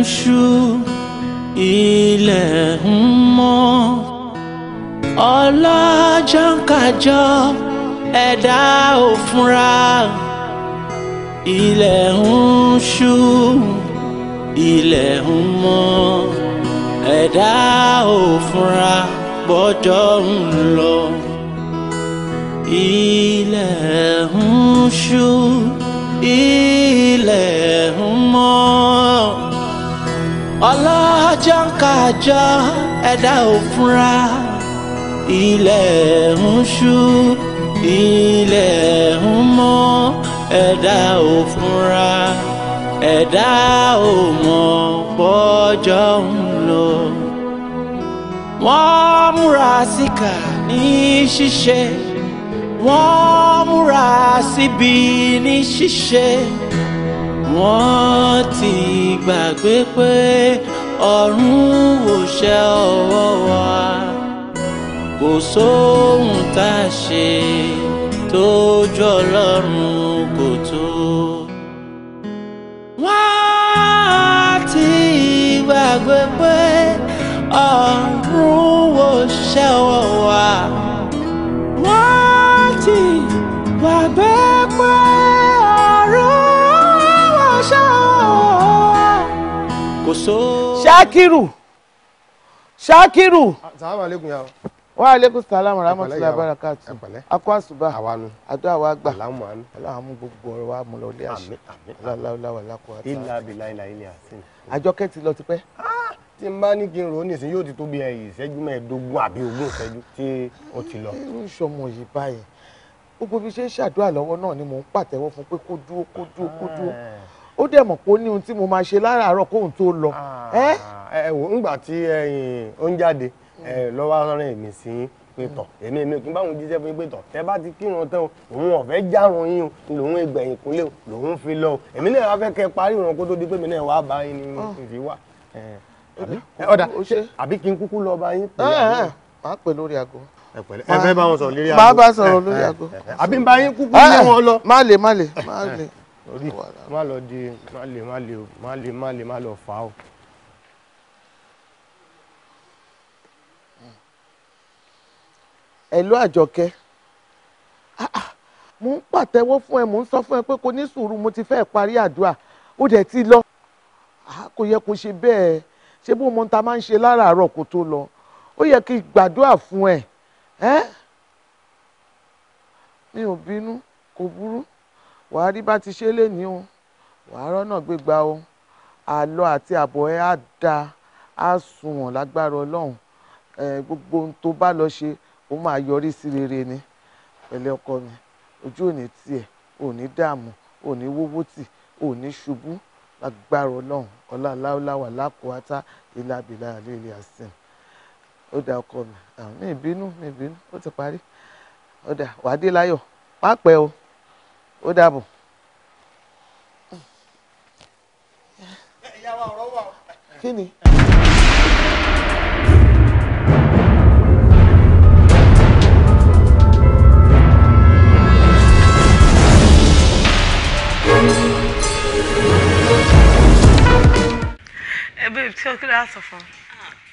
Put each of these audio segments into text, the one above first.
ń ṣú ilẹ̀ ń mọ́ ọlọ́jọ́ ń kájọ ẹ̀dá ò fúnra ilẹ̀ ń ṣú ilẹ̀ ń mọ́ ẹ̀dá ò ọlọ́jọ́ ń kájọ ẹ̀dá ò fúnra ilẹ̀ ń ṣú ilẹ̀ ń mọ́ ẹ̀dá ò fúnra ẹ̀dá ò mọ̀ pọ́jọ́ ń lọ. wọ́n múra síkà ní ṣíṣe wọ́n múra síbi ní ṣíṣe wọ́n ti gbàgbé pé ọ̀run ò ṣe ọwọ́ wa kò sóhun tá a ṣe tó jọ ọlọ́run kò tó. wọ́n ti gbàgbé pé ọ̀run ṣakiru ṣakiru. assalamu alaikum ya. wa aleykum salaam wa rahmatullahi wa barakatuh akọ àṣùbà àdúrà wa gbà aláàmú gbogbo ọ̀rọ̀ wa mú lọ ilé àṣẹ aláwọláwọ alákọ àti. ilà abilà ilà ilé àṣẹ. àjọkẹ́ ti lọ tipẹ́. Ah, tí n bá ní kí n rò ó nìsín yóò ti tó bí ẹyìn ìṣẹ́jú mẹ́ẹ̀ẹ́dógún àbí ogún ìṣẹ́jú tí ó ti lọ. irú ìṣọmọ yìí báyìí gbogbo bí ṣe ń ṣàdúrà lọ́wọ́ náà ni mò ń pàtẹ́wọ́ fún pé kó dúró kó dúró kó dúró ah ó dẹ̀ mọ̀ pé ó ní ohun tí mo máa ṣe láràárọ̀ kóhun tó lọ. Ah, ẹ wò ńgbà tí ó ń jáde lọ́wọ́ rẹ̀ mí sí pé tọ̀ èmi èmi kí n báwọn jíṣẹ́ fún yín pé tọ̀ tẹ́ bá ti kírun tán òun ọ̀fẹ́ járun yín lòun ìgbẹ̀yìn kúnlẹ̀ lòun fi lọ èmi náà wá fẹ́ kẹ́ parí ìrun kó tó di pé èmi náà wá bá yín ni ah. ìfi wà. ọ̀dà àbí kí n kúkú lọ bá yín pè é. Ah, máa pè lórí aago ẹ pẹ̀lẹ́ ẹ fẹ́ bá wọn sọ̀rọ̀ lórí aago. máa bá sọ̀rọ̀ lórí aago. àbí n bá yín kúkú lé wọn lọ. má lè má lè má lè orí má lọ di má lè má lè má lè má lè má lọ fà á o. ẹ̀lú àjọkẹ́ ah, ah. mo ń pàtẹ́wọ́ fún ẹ mo ń sọ fún ẹ pé kò ní sùúrù mo ti fẹ́ẹ́ parí àdúrà ó dẹ̀ ti lọ ah, kò yẹ kó ṣe bẹ́ẹ̀ ṣé bó mo ta máa ń ṣe láràárọ̀ kó tó lọ ó yẹ kí gbàdúrà fún ẹ mi ò bínú kò burú wàá rí bá ti ṣe é lénìí o wàá rọ́nà gbégbá o àlọ àti àbọ̀ ẹ á da á sunwọ̀n lágbára ọlọ́run gbogbo ohun tó bá lọ ṣe ó máa yọrí sí rere ni pẹ̀lẹ́ ọkọ mi ojú ò ní tiẹ̀ ò ní dààmú ò ní wówó tì ò ní ṣubú lágbára ọlọ́run ọlá aláwọ̀ lákòótá ilé abìlà àlè ilé àsìn ó dà ọkọ mi àmì ìbínú mi ìbínú ó ti parí ó dà wàá dé láyọ̀ pápẹ́ o ó dàbọ̀. ìyá wa ọ̀rọ̀ wà. kí ni. ẹ bẹ́ẹ̀ tí ọkùnrin á sọ fún un.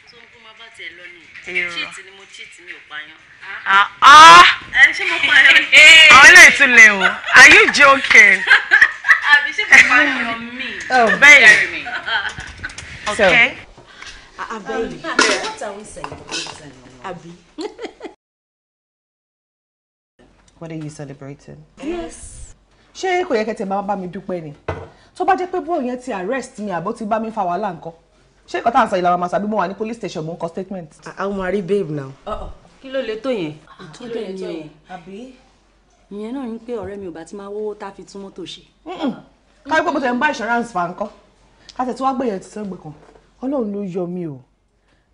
tó ń kó má bàtì ẹ lọ ni cheat mi ò ah, ah. are you joking. àbí ṣé oh. okay. abẹ́yìn um, what are we celebrating? what are you celebrating? yes. ṣé kò yẹ kẹ́ tẹ̀ máa bá mi dúpẹ́ ni tó bá jẹ́ pé bóyá arrest mi àbó ti bá mi fa wàhálà nǹkan ṣé ìkọ́tà àṣà ìlànà màṣà bí mo wà ní police station mo ń kọ statement. àwọn máa rí babe now. kí ló lè tó yẹn. Ah, kí ló lè tó yẹn àbí. ìyẹn náà ni pé ọ̀rẹ́ mi ò bá ti máa wọ́wọ́ tá a fi tún mọ́tò ṣe. káyọ̀ pé mo tẹ̀ ń bá insurance fa nǹkan a tẹ̀ tí wàá gbẹ̀yẹ̀ ti sẹ́gbẹ̀ kan ọlọ́run ló yọ mi o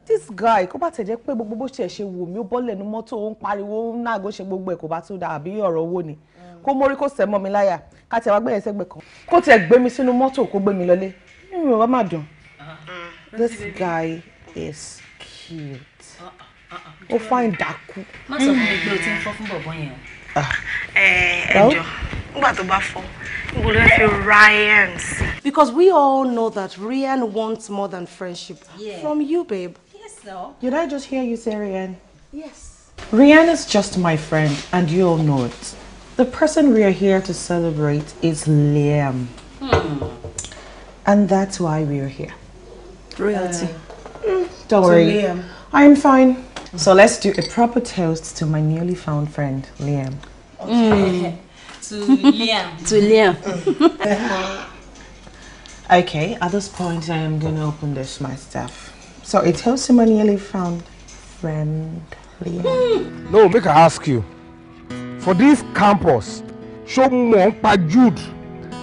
this guy kó bá tẹ̀ jẹ́ pé gbogbo bó ṣe ṣe wò mí ó bọ́lẹ̀ ní mọ́tò ó ń pariwo ó ń náàgó ṣe gbogbo ẹ̀ kó bá tó da àbí ọ̀rọ̀ owó ni kó mórí kó sẹ̀ mọ́ mi láyà ká tẹ̀ wá gbẹ̀yẹ̀ sẹ́gbẹ̀ kan kó tẹ̀ gbé mi sínú mọ́tò kó gbé mi lọlé nínú ìwà má dùn this guy is cute. Uh, uh, uh, ó fáìn dákú. má sọ fún mi pé o ti ń fọ́ fún bọ̀bọ̀ yẹn o. Ah. Eh, ẹ jọ nígbà tó bá because we all know that Ryan wants more than friendship yeah. from you babe. yes no. did I just hear you say Ryan. yes. Ryan is just my friend and you all know it. The person we are here to celebrate is Liam. Hmm. And that's why we are here. Royalty. Uh, mm, don't worry. Liam. I'm fine. So let's do a proper toast to my newly found friend, Liam. Okay. Mm. to Liam. to Liam. okay, at this point, I am going to open this myself. So it toast to my newly found friend, Liam. Hmm. No, make I ask you. For this campus, show me Jude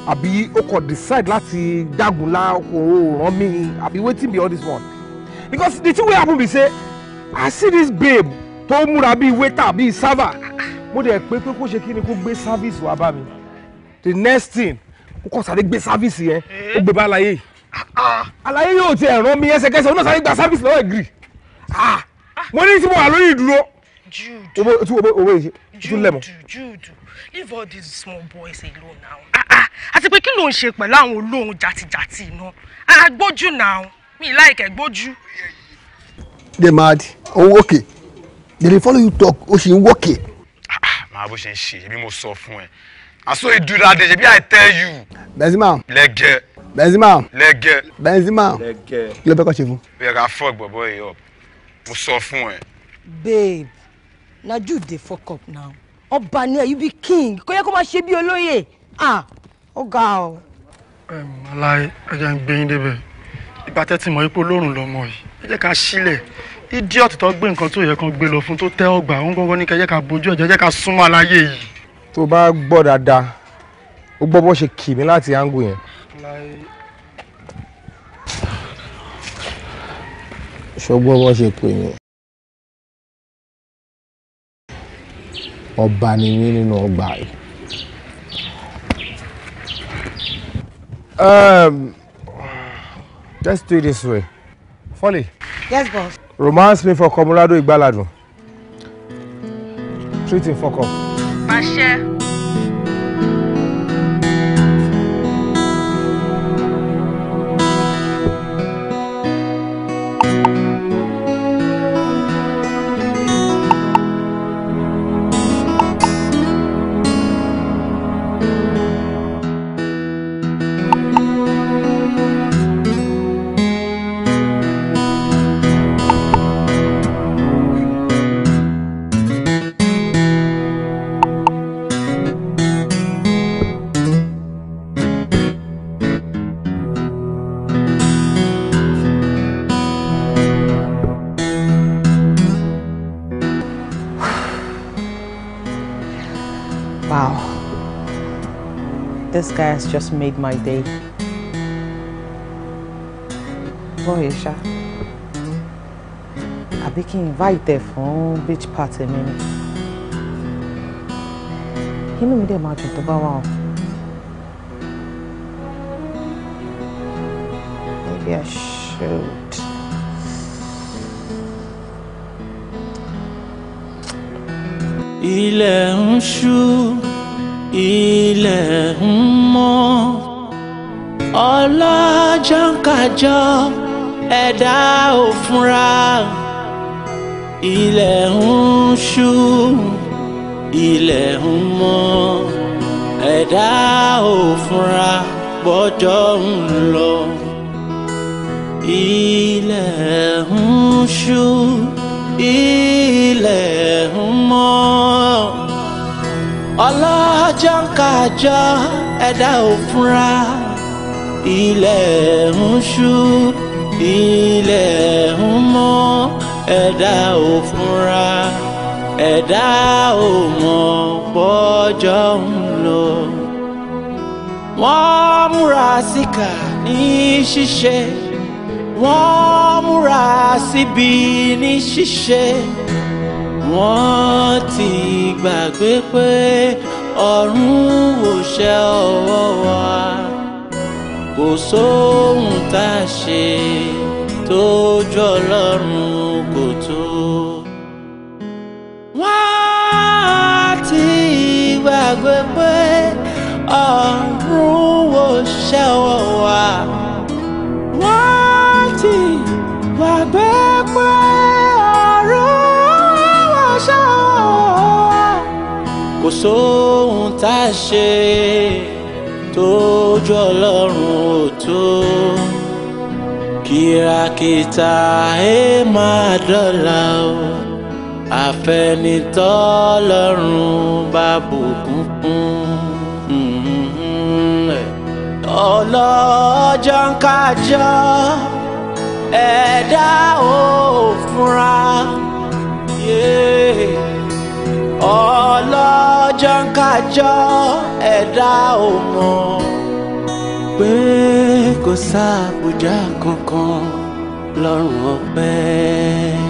àbí o kò decide láti dágunlá o ràn mí àbí wetin be all this one because the thing wey happen be say i see this babe tó múra bíi waiter bíi server mo dẹ̀ pé pé kó ṣe kí ni kó gbé service wá bá mi the next thing ó kọ́ sáré gbé service yẹn ó gbé bá àlàyé àlàyé yóò tiẹ̀ ràn mí ẹsẹ̀kẹsẹ̀ ó náà sáré gba service lọ́wọ́ ẹ̀gírì ah, mo ní tí mo wà lórí ìdúró owó owó ìṣe tún lẹ̀ mọ́ leave all these small boys alone now. àti ah, ah. pé kí ló ń ṣe pẹ̀lú àwọn olóhùn jàtìjàtì iná agbójú now mi like gbójú. dey mad òun òkè dey dey follow you talk ó sì ń wọ́kè. Ah, màá bó ṣe ń ṣe ebi mo sọ fún ẹ aso idura de ṣebí i tell you. Benzema. lẹgẹ. Benzema. lẹgẹ. Benzema. lẹgẹ. kí ló fẹ́ kọ́ ṣe fún. ó yẹ ká fọ́ gbọ̀bọ̀ yìí up mo sọ fún ẹ. babe na you dey fuck up now ọba ni ẹ you be king kò yẹ kó máa ṣe bí olóyè ah ó ga ọ. aláì ẹjẹ ń gbé yín débẹ̀ ìgbà tẹ́tí mọ̀ ipò lórùn lọ́mọ yìí ẹ jẹ́ ká sílẹ̀ idiot tó gbé nǹkan tó yẹ kan gbé lọ fún tó tẹ́ ọgbà òun gangan ní ká jẹ́ ká bójú ẹ̀jẹ̀ jẹ́ ká súnmọ́ aláyé yìí. tó bá gbọ́ dáadáa ó gbọ́ bó ṣe kì mí láti angu yẹn. ṣọgbọ́n bó ṣe pè yín. ọba ni yín nínú ọgbà yìí. Um, let's do this way. Folly. Yes, boss. Romance me for Comrado Igbaladun. Treat him for up. Mashe. has just made my day. Boy, Isha. Àbí kí invite ẹ fún beach party mi You know mi dẹ̀ máa dùn tó bá Maybe I should. Ilẹ̀ ń ṣú, ilẹ̀ ń ọlọ́jọ́ ń kájọ ẹ̀dá ò fúnra ilẹ̀ ń ṣú ilẹ̀ ń mọ́ ẹ̀dá ò fúnra bọ́jọ́ ń lọ ilẹ̀ ń ṣú ilẹ̀ ń mọ́ ọlọ́jọ́ ń ẹ̀dá ò ilẹ̀ ń ṣú ilẹ̀ ń mọ́ ẹ̀dá ò fúnra ẹ̀dá ò mọ̀ bọ́jọ́ ń lọ. wọ́n múra síkà ní ṣíṣe wọ́n múra síbi ní ṣíṣe wọ́n ti gbàgbé pé ọ̀run ò ṣe ọwọ́ wa kò sóhun tá a ṣe tójú ọlọ́run kò tó. wọ́n ti gbàgbé pé ọ̀run wò ṣẹ́wọ̀ wá. wọ́n ti gbàgbé pé ọ̀run wò ṣẹ́wọ̀ wá. kò sóhun tá a ṣe tójú ọlọ́run kìràkìtà ẹ máa dọ́là o àfẹnitọ́lọ́run bá bùkún kún ọlọ́jọ́ ń kájọ́ ẹ̀dá ò fúnra ọlọ́jọ́ ń kájọ́ ẹ̀dá ò mọ̀ pé kò sáàbùjá kankan lọ́rùn ọpẹ́.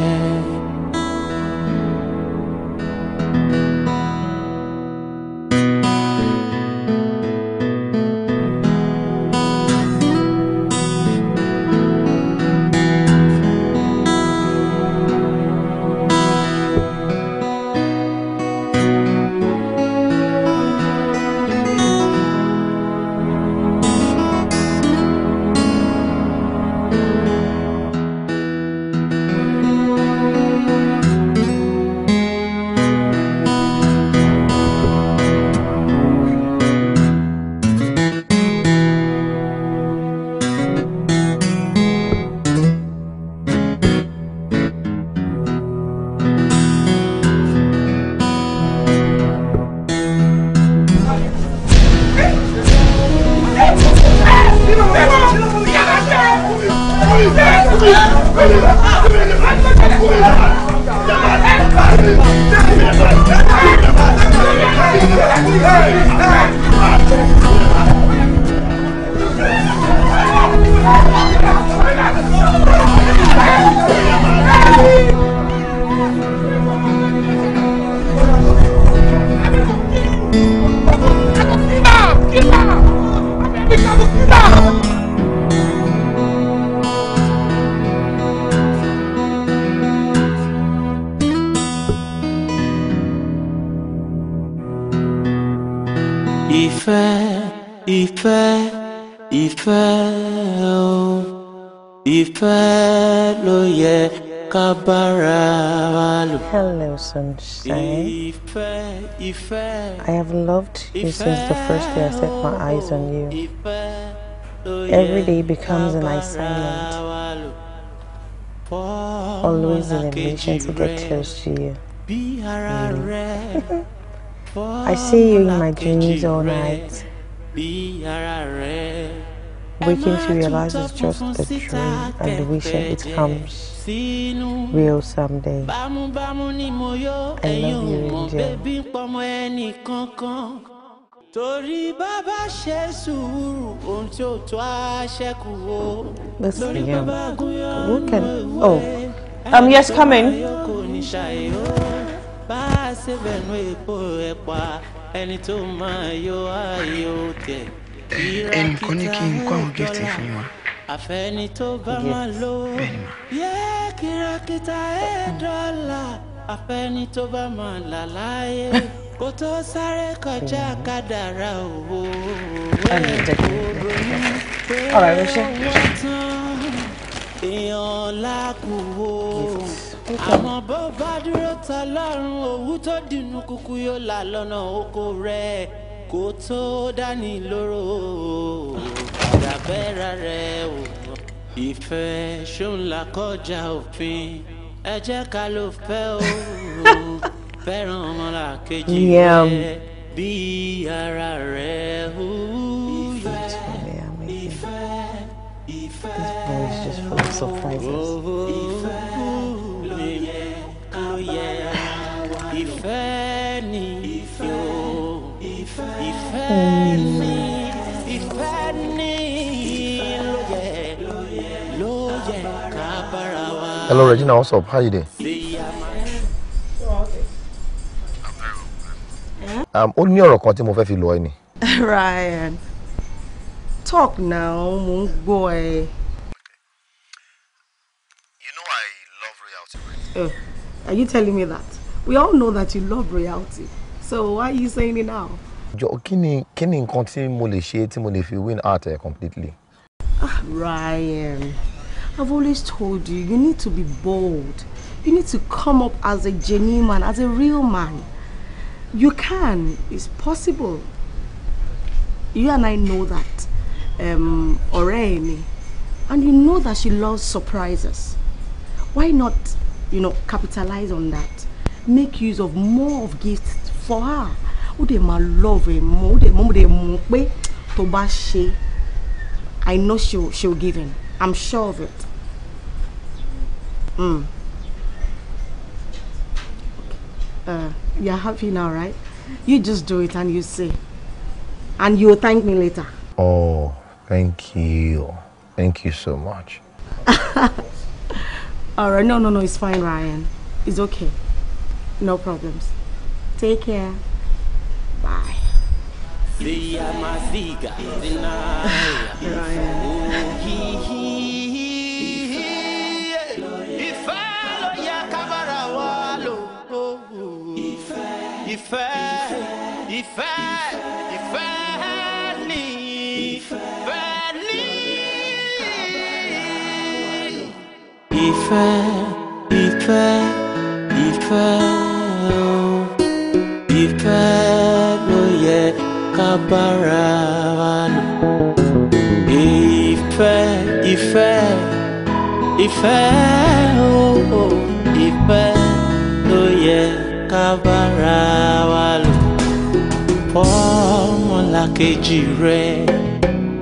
since the first day I set my eyes on you. Every day becomes an assignment, always in a mission to get close to you. Mm. I see you in my dreams all night, waking to realize it's just a dream and that it comes real someday. I love you, Angel. torí bàbá ṣe sùúrù ohun tí ó tó àṣẹkù o lórí bàbá gúnyọ nínú ìwé um yes coming. in. kò ní ṣàyẹ̀wò bá a ṣe bẹ̀nu èpo ẹ̀pà ẹni tó máa yọ ayò tẹ̀. ẹnìkan ní kí n kó àwọn gíftì fún wa. àfẹ́ni tó bá máa lò ó yẹ kìràkìtà ẹ̀ dọ́là àfẹ́ni tó bá máa là láyé kó tó sáré kọjá hmm. kádàrá òwò obìnrin pé wọ́n tán èèyàn lákòó àmọ́ bó bá dúró tọlọ́run òwú tó dìnnú kúkú yóò là lọ́nà oko rẹ̀ kó tó dání lóró padà bẹ́ra rẹ̀ o ìfẹ́ ṣòun là kọjá òfin ẹ jẹ́ ká ló fẹ́ o fẹ́ràn ọmọlàkejì um, This voice just full of surprises. Hello Regina, what's up? How you doing? Um, ó ní ọ̀rọ̀ kan tí mo fẹ́ fi lọ ẹ ni. Ryan talk now mo ń gbọ́ ẹ. you know I love royalty. Uh, are you telling me that? We all know that you love royalty so why are you saying it now. jọ kí ni kí ni nǹkan tí mo lè ṣe tí mo lè fi win out ẹ completely. Ah, Ryan, I've always told you, you need to be bold. You need to come up as a genuine man, as a real man. You can. It's possible. You and I know that. Um, ọ̀rẹ́ And you know that she loves surprises. Why not, you know, capitalize on that? Make use of more of gifts for her. Ó dẹ̀ máa love ẹ̀ mọ́, ó dẹ̀ mọ́ dẹ̀ mọ̀ pé tó bá ṣe. I know she'll, she'll give in. I'm sure of it. Mm. Uh, you're happy now, right? You just do it and you see. And you'll thank me later. Oh, thank you. Thank you so much. All right, no, no, no, it's fine, Ryan. It's okay. No problems. Take care. Bye. Ryan. Oh, ìfẹ́ ìfẹ́ ìfẹ́ ni ìfẹ́ ni. ìfẹ́ ìfẹ́ ìfẹ́ o ìfẹ́ ló yẹ ká bára wa lò. ìfẹ́ ìfẹ́ ìfẹ́ o ìfẹ́ ló yẹ bára wa lò fọ́mọlàkejì rẹ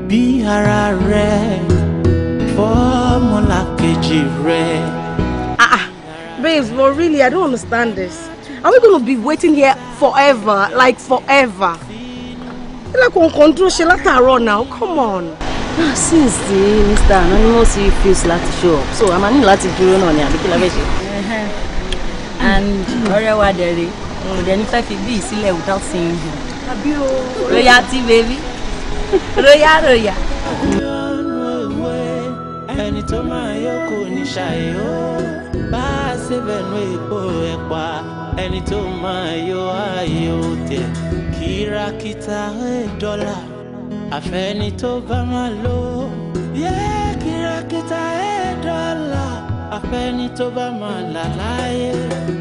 bí ara rẹ fọ́mọlàkejì rẹ. ah ah babes but really i don't understand this are we gonna be waiting here forever like forever. ilé kọ̀ọ̀kan dúró ṣe látàárọ̀ now come on. Ah, since the mr anonymous feels láti show up so a máa ní láti dúró náà ni àbíkí la fẹ́ and ọ̀rẹ́ dẹrẹ mo dẹni fẹ́ fi bí ìsílẹ̀ without seeing you. àbí o. royal tea baby royal royal. ẹni tó máa yọ kò ní ṣàyè ó bá a ṣe bẹ̀nu èpo ẹ̀pà ẹni tó máa yọ ààyè ó tẹ̀ kírakítà ẹ̀ dọ́là àfẹ́ni tó bá máa lò ó. Yeah afẹ́ni tó bá máa là láàyè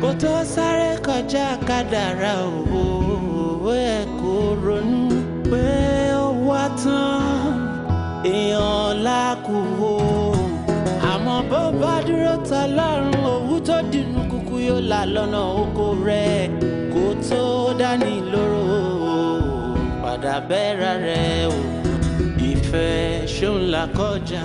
kó tó sáré kọjá kádàrá òwò ẹ̀ kó ronú pé ó wá tán èèyàn lákòó àmọ́ bó bá dúró ta lọ́rùn òwú tó dìnnú kúkú yóò là lọ́nà oko rẹ̀ kó tó dání lóró padà bẹ́ra rẹ̀ o ìfẹ́ ṣó ń là kọjá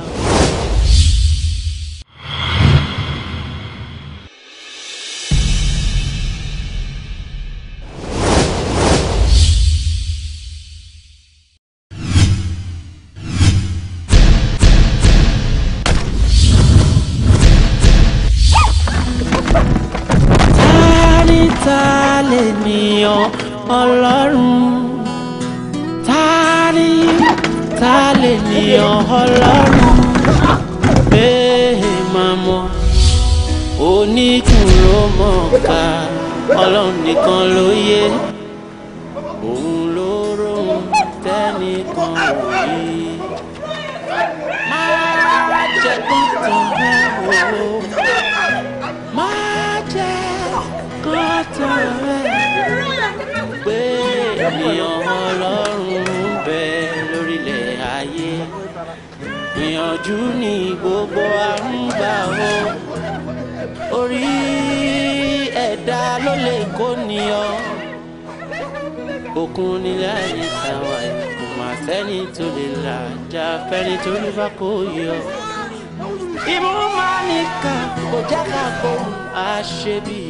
ọlọ́run nìkan ló yé òun ló rohun tẹ́nìkan ò ní. máa jẹ kọ́tàn rẹ̀ wò ó máa jẹ kọ́tàn rẹ̀ pé ènìyàn ọlọ́run bẹ lórílẹ̀ ayé ìyànjú ni gbogbo àrùn gbà ó orí dá ló lè kó niyọ òkun nílẹ̀ ayé tàwa kò má sẹ́ni tó lè là já fẹ́ni tó ní bá kó yọ. ìmú máa nìkan kò jáka kó àṣebí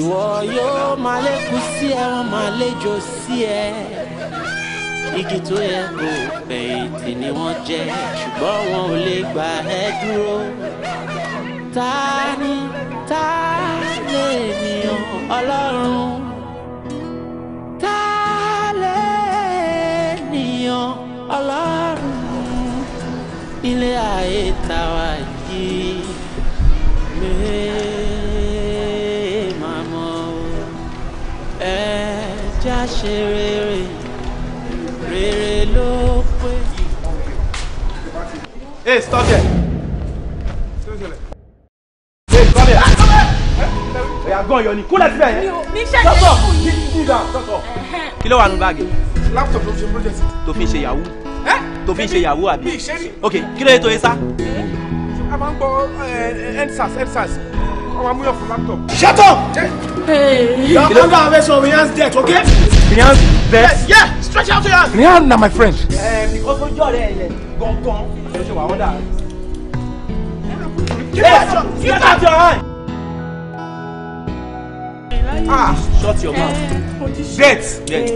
ìwọ yóò máa lékun sí ẹ wọn máa léjò sí ẹ igi tó yẹ kó fẹ̀yìntì ni wọ́n jẹ ṣùgbọ́n wọn ò lè gbà ẹ́ dúró ta ni ènìyàn ọlọ́run ta lẹ́nìyàn ọlọ́run ilé ayé tàwa yìí lè má mọ̀ rere rere ló pé. Hey, stop there. àgọ́ ọ̀yọ́ ni kúlẹ̀ síbẹ̀ yẹn. mi ṣe ṣe fún yìí. kí ló wà nù báàgì. laptop ló fi project. tó fi ṣe yahoo. tó fi ṣe yahoo àbí. ok kí ló yẹ tó yẹ sá. a máa ń gbọ́ endsars eh, endsars ọmọ amúyọ̀ fún laptop. shut up. your father arrest your Rihanna's death okay. Rihanna's death. yes yeah stretch out your hand. Rihanna na my friend. Eh, ẹ because ojú ọ̀rẹ́ ẹ Get out your hand! ah shut your mouth death death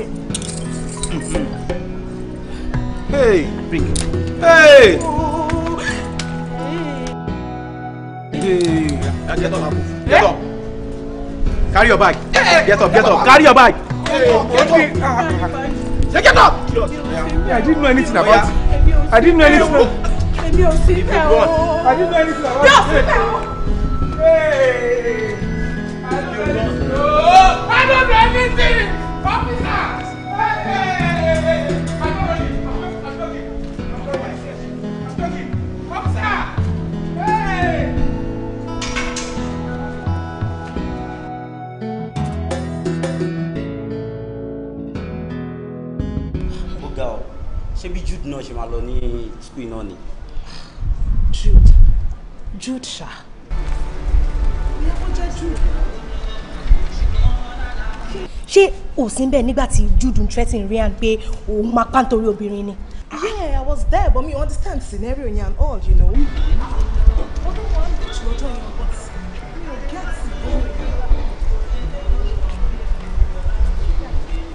hey hey. Hey. Eh? Eh, eh. Get up, get up. Carry your bag. Get up, get up. Carry your bag. Hey, get up. I didn't know anything about it. I didn't know anything I didn't know anything about it. Yóò sí bẹ́ẹ̀ o. Hey. Oh. Oh. I don't know anything! Officers! ṣé bí Jude náà ṣe máa lọ ní school náà ni. Jude Jude ṣá. ìyá kó jẹ́ Jude ṣé ò sí bẹ́ẹ̀ nígbà tí Jude threaten Ryan pé òun máa pa nítorí obìnrin ni. Ah. yeah I was there but me understand scenario yẹn and all you know.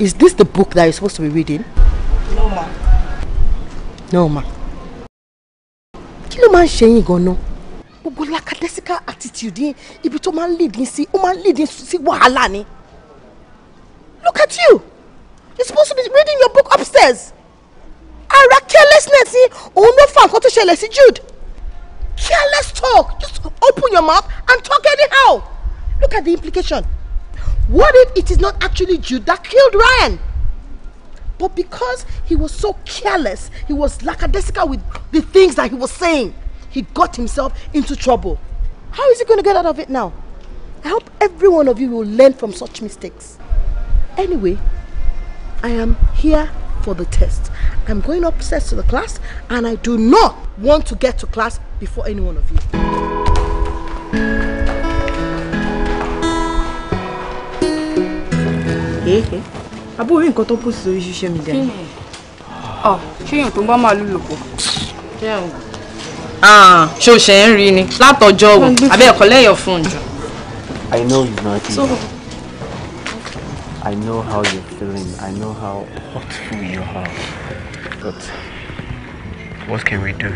Is this the book that you're supposed to be reading? No ma. No ma. Kí ló máa ń ṣe yín gan-an? Gbogbo lackadaisical attitude yín ibi tó máa ń lead yín sí ó máa ń lead yín sí wàhálà ni. Look at you. You're supposed to be reading your book upstairs. Ara carelessness oh eh? no, ló what nǹkan tó ṣẹlẹ̀ Jude. Careless talk. Just open your mouth and talk anyhow. Look at the implication. What if it is not actually Jude that killed Ryan? But because he was so careless, he was lackadaisical with the things that he was saying, he got himself into trouble. How is he going to get out of it now? I hope every one of you will learn from such mistakes. Anyway, I am here for the test. I'm going upstairs to the class and I do not want to get to class before any one of you. Hey, hey. Abo you nǹkan tó post sórí social media. Oh, ṣé èèyàn tó ń bá màálù lò pọ̀? Ṣé ah, o ṣe ń rí ni? Látọjọ́ wo, abẹ́ ẹ̀kọ́ lẹ́yọ̀ I know you're not here. So, I know how you're feeling. I know how hurtful you are. But what can we do?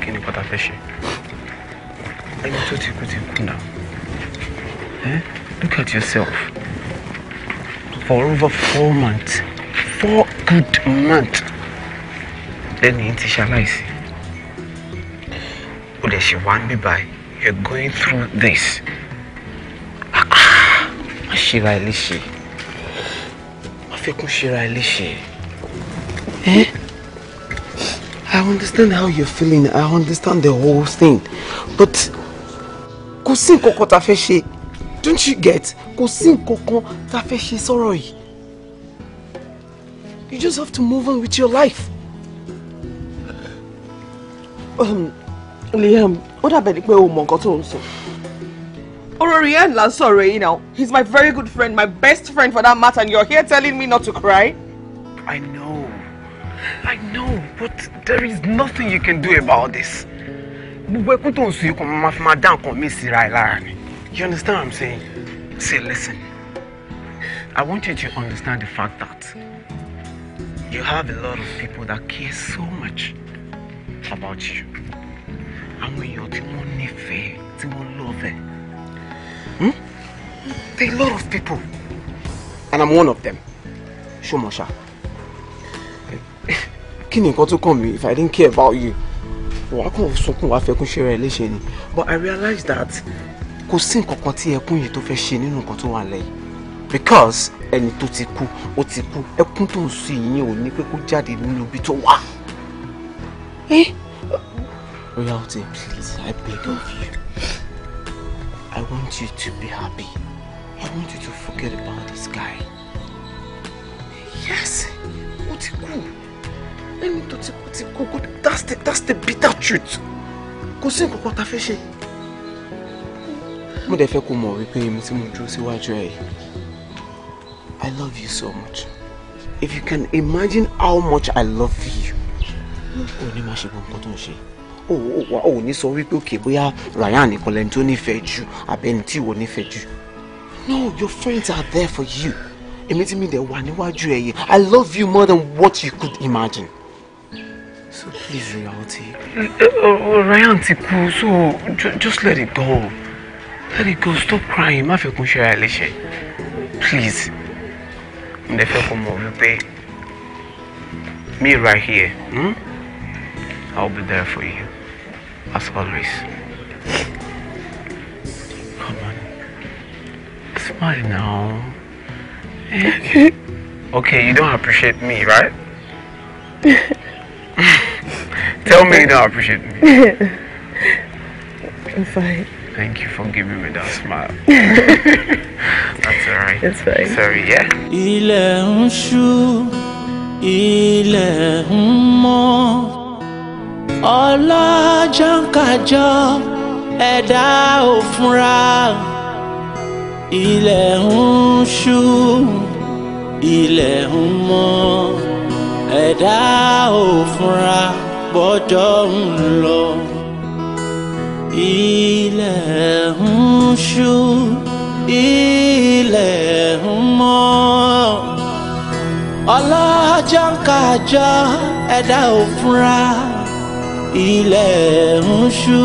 Can Kí ni pátá fẹ́ ṣe? Ẹni tó ti kú ti now. Eh? Look at yourself. For over four months, four good months, Then yìí ti ṣaláìsí. O lè ṣe wá ń You're going through this ṣera ẹ léṣe má fi kún ṣera ẹ léṣe. Eh? I understand how you're feeling. I understand the whole thing. But kò sí nǹkan kan fẹ́ ṣe. Don't you get? Kò sí nǹkan kan fẹ́ ṣe sọ̀rọ̀ yìí. You just have to move on with your life. Um, Liam, ó dàbẹ̀ ni pé o mọ nǹkan tó ń sọ. Ọ̀rọ̀ Ryan là ń now. He's my very good friend, my best friend for that matter, and you're here telling me not to cry? I know. I know, but there is nothing you can do about this. Gbogbo ẹkún tó ń sun ikùn máa fi máa dá nǹkan You understand what I'm saying? Say, listen. I want you to understand the fact that you have a lot of people that care so much about you. Àwọn èèyàn tí wọ́n nífẹ̀ẹ́, tí wọ́n lọ́fẹ̀ẹ́. Hmm? There are a lot of people. And I'm one of them. Show eh, Kí ni nǹkan tó kàn mí if I didn't care about you? Wàá kàn sunkún wàá fẹkún But I realized that kò sí nǹkan kan tí ẹkún yìí tó fẹ́ Because ẹni tó ti kú ó ti kú ẹkún tó ń sun ìyẹn ò ní pé kó jáde nínú eh? please I beg of you. I want you to be happy. I want you to forget about this guy. Yes, ó ti kú. Lẹ́mi tó ti kú ti That's the, that's the bitter truth. Kò sí nǹkan kan ta fẹ́ ṣe. Mo dẹ̀ fẹ́ kó mọ̀ wípé èmi I love you so much. If you can imagine how much I love you. Ó ní má ṣe gbọ́ nǹkan tó ń ò ní sọ wípé òkè bóyá Ryan nìkan lẹni tó nífẹ̀ẹ́ jù àbẹ́ni tí ìwọ nífẹ̀ẹ́ jù no your friends are there for you èmi tí mi dẹ̀ wà níwájú ẹ̀yẹ I love you more than what you could imagine so please reality. Uh, uh, uh, Ryan ti kú so just let it go let it go stop crying má fi kún ṣe ara please n dẹ̀ fẹ́ kó mọ̀ wípé me right here hmm? I'll be there for you. as always. Come on. Smile now. Okay. Eh. okay, you don't appreciate me, right? Tell me you don't appreciate me. I'm fine. Thank you for giving me that smile. That's alright. It's fine. Sorry, yeah? ọlọ́jọ́ ń kájọ ẹ̀dá ò fúnra ilẹ̀ ń ṣú ilẹ̀ ń mọ́ ẹ̀dá ò fúnra bọ́jọ́ ń lọ ilẹ̀ ń ṣú ilẹ̀ ń mọ́ ọlọ́jọ́ ẹ̀dá ò ilẹ̀ ń ṣú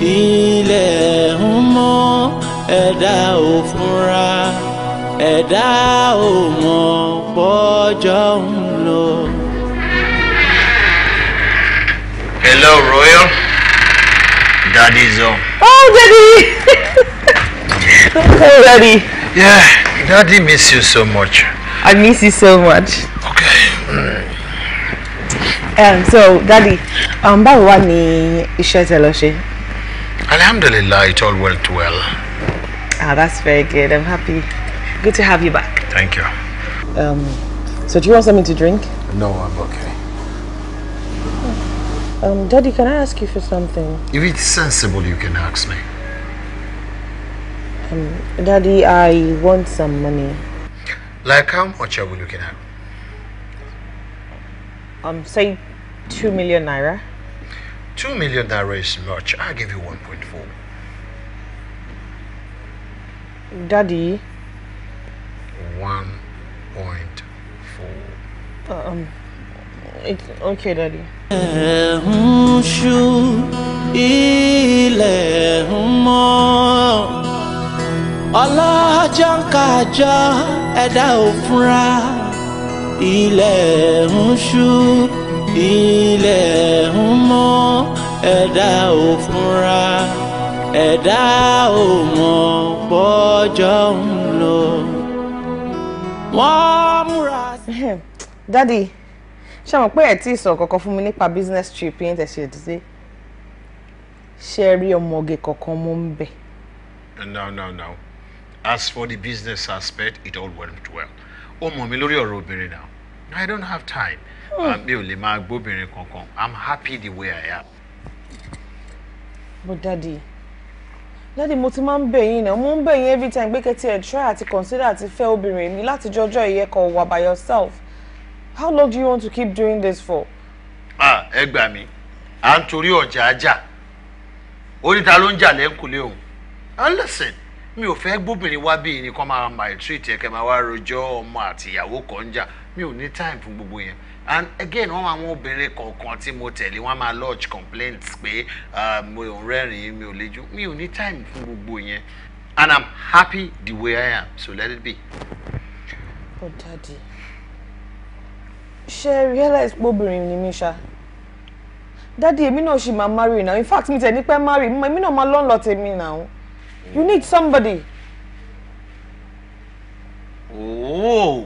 ilẹ̀ ń mọ́ ẹ̀dá ò fúnra ẹ̀dá ò mọ̀ pọ́jọ́ ń lọ. Hello, Royal. Daddy's home. Oh, Daddy! Hello, oh, Daddy. Yeah, Daddy miss you so much. I miss you so much. Um, so daddy um, báwo wá ni iṣẹ́ tẹ lọ ṣe. alhamdulillah it all went well. ah that's very good i'm happy good to have you back. thank you. Um, so do you want something to drink. no i'm okay. Hmm. Um, daddy can I ask you for something. if it's sensible you can ask me. Um, daddy I want some money. like how much are we looking at. Um, say Two million naira. Two million naira is much. I'll give you 1.4. Daddy? 1.4. Um, it's okay, Daddy. ilẹ̀ ń mọ́ ọlọ́jọ́ ẹ̀dá òfúnra ilẹ̀ ń ṣú ilẹ̀ ń mọ́ ẹ̀dá ò fúnra ẹ̀dá ò mọ̀ bọ́jọ́ ń lọ. wọ́n múra. dádì ṣé àwọn pé ẹ̀ tí ì sọ̀rọ̀ kankan fún mi nípa business trip yín tẹ̀sí ìdílé ṣé ẹ rí ọmọge kankan mú ń bẹ̀. no no no as for the business aspect it all went well ó mọ̀ mi lórí ọ̀rọ̀ obìnrin now i don't have time Ah, mi ò lè máa gbóbìnrin kankan i'm happy the way i am. but daddy daddy mo ti máa ń bẹ̀ yín náà mo ń bẹ̀ yín every time pé kẹ́tí ẹ̀ try àti consider àti fẹ́ obìnrin mi láti jọjọ́ ìyẹ́kọ̀ wà by yourself how long do you want to keep doing this for. ah ẹ gbà mí à ń torí ọjà ajá oníta ló ń jà lẹ́ńkùlé òun and listen mi ò fẹ́ gbóbìnrin wá bí ẹnì kan máa maltreat ẹ̀ kẹ́ máa wá rojọ́ ọmọ àti ìyàwó kan jà mi ò ní time fún gbogbo yẹn and again wọ́n àwọn obìnrin kọ̀ọ̀kan tí mo tẹ̀lé wọ́n máa lodge complaints. pé mo ò rẹ́rìn-ín mi ò lejú mi ò ní time fún gbogbo yẹn and i'm happy the way i am so let it be. but oh, daddy ṣe realize pé obìnrin ni mi ṣá dádì èmi náà ṣì máa marry now in fact mi tẹ̀ ní pẹ́ marry èmi náà máa lọ́nlọ́ tèmi now you mm. need somebody. Oh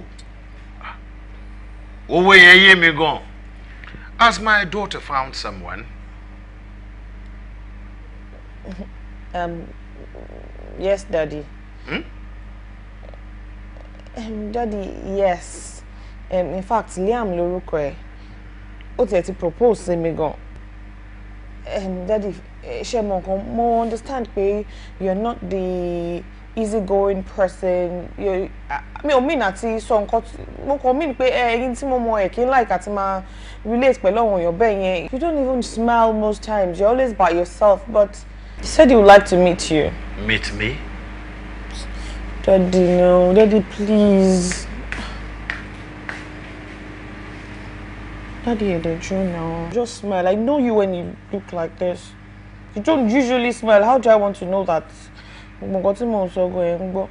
owó yẹn yé mi gan as my daughter found someone. um, yes daddy. Hmm? Um, daddy yes um, in fact Liam lorúkọ ẹ̀ ó tiẹ̀ ti propose sí mi gan um, daddy ṣe mọ̀ nǹkan mo understand pé you're not the easygoing person mi ò mean àti sọ nǹkan mo kàn mean pé eh, ẹyin tí mo mọ ẹ kí like àti máa relate pẹ̀lú àwọn èèyàn bẹ́ẹ̀ yẹn you don't even smile most times you're always by yourself but he said he would like to meet you. meet me. daddy no daddy please. daddy edejo now just smile i know you when you look like this you don't usually smile how do i want to know that gbogbo nǹkan tí mò ń sọ gan ẹ̀ ń gbọ́.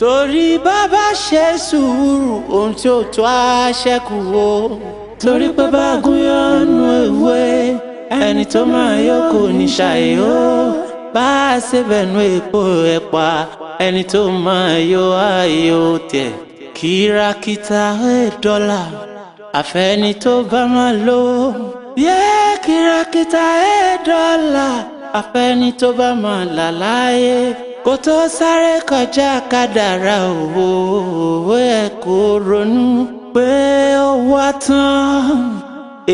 torí bàbá ṣe sùúrù ohun tí ó tó àṣẹkù o torí pé bá gúnyánú ewé ẹni tó máa yókù ní ṣàyẹ̀wò bá a ṣe bẹ̀nu epo ẹ̀pà ẹni tó máa yọ ayọ̀ tẹ̀ kìràkìtà ẹ̀ dọ́là àfẹ́ni tó bá máa lò yẹ kìràkìtà ẹ̀ dọ́là àfẹ́ni tó bá máa là láyé kó tó sáré kọjá kádàrá òwò ẹ kó ronú pé ó wá tán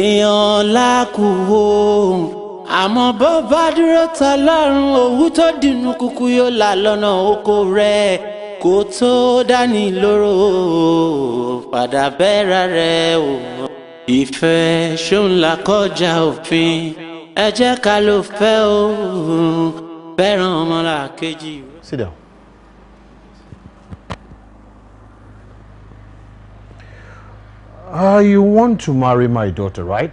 èèyàn lákùúwò àmọ́ bó bá dúró tọlọ́run òwú tó dìnnú kúkú yóò là lọ́nà oko rẹ̀ kó tó dání lóró padà bẹ́ra rẹ̀ o. ìfẹ́ ṣòun là kọjá òfin ẹ jẹ́ ká ló fẹ́ o bẹ́ẹ̀ràn ọmọlàkejì. Sit down. Uh, you want to marry my daughter, right?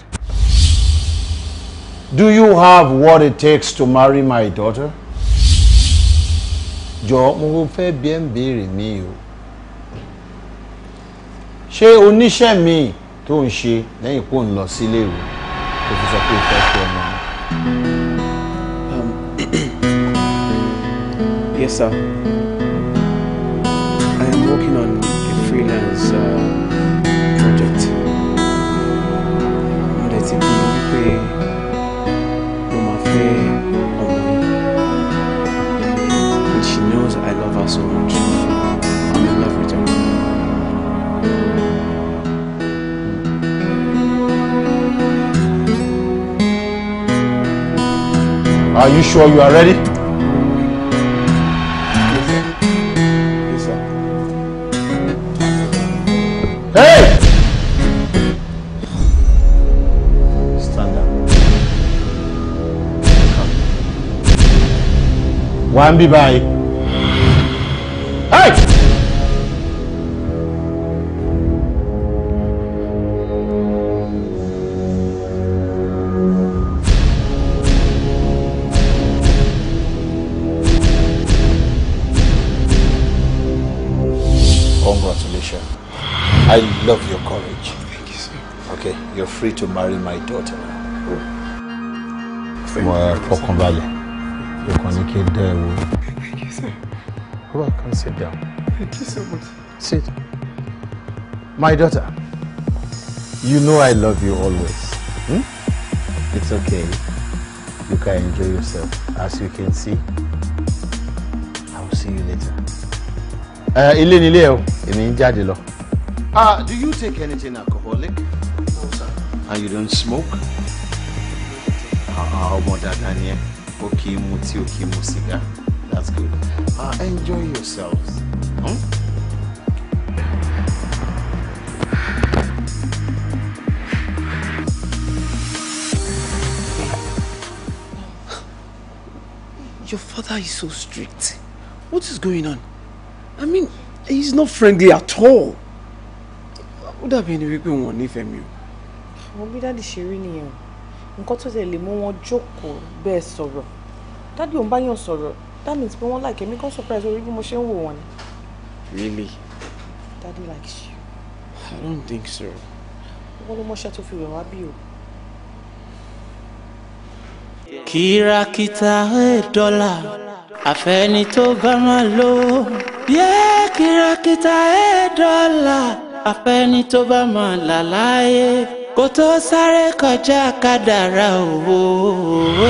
Do you have what it takes to marry my daughter? Jọ̀ọ́ mo fẹ́ bi ẹ́ ń béèrè mi o. Ṣé oníṣẹ́ mi tó ń ṣe lẹ́yìn pò ń lọ sílé ìwé tó fi sọ pé o fẹ́ Yes, sir. I am working on a freelance uh, project. Mo dẹ̀ ti we wípé mo máa fẹ́ ọmọ yìí. And she knows I love her so much. I'm in love with her. Are you sure you are ready? wà ń bí báyìí. Congratulations. I love your courage. Thank you, sir. Okay, you're free to marry my daughter now. Thank you kí n dá ẹ Thank you, sir. Go back sit down. Thank you so much. Sit. My daughter, you know I love you always. Hmm? It's okay. You can enjoy yourself. As you can see, I will see you later. Ilé ni ilé o, èmi ń jáde Ah, do you take anything alcoholic? No, sir. And you don't smoke? Ah, ah Ọmọ dáadáa ni ẹ ó kì í mu tí ó kì that's good uh, enjoy yourselves. Hmm? Your father is so strict. What is going on? I mean, he's not friendly at all. Would dàbí ẹni wípé wọn ò nífẹ̀ẹ́ mi o. Àwọn that dáàdì Shirini nǹkan tó tẹ̀lé mú wọn jókòó bẹ́ẹ̀ sọ̀rọ̀ dádì òun bá yàn sọ̀rọ̀ that means pé wọ́n like èmi kan surprise orí bí mo ṣe ń wò wọ́n ni. really. daddy likes you. i don't think so. wọ́n ló mọ́ṣẹ́ tó fi rẹ̀ wá bí o. kìràkìtà ẹ̀ dọ́là àfẹ́ni tó bá máa lò ó yẹ kìràkìtà ẹ̀ dọ́là àfẹ́ni tó bá máa là láàyè kó tó sáré kọjá kádàrá òwò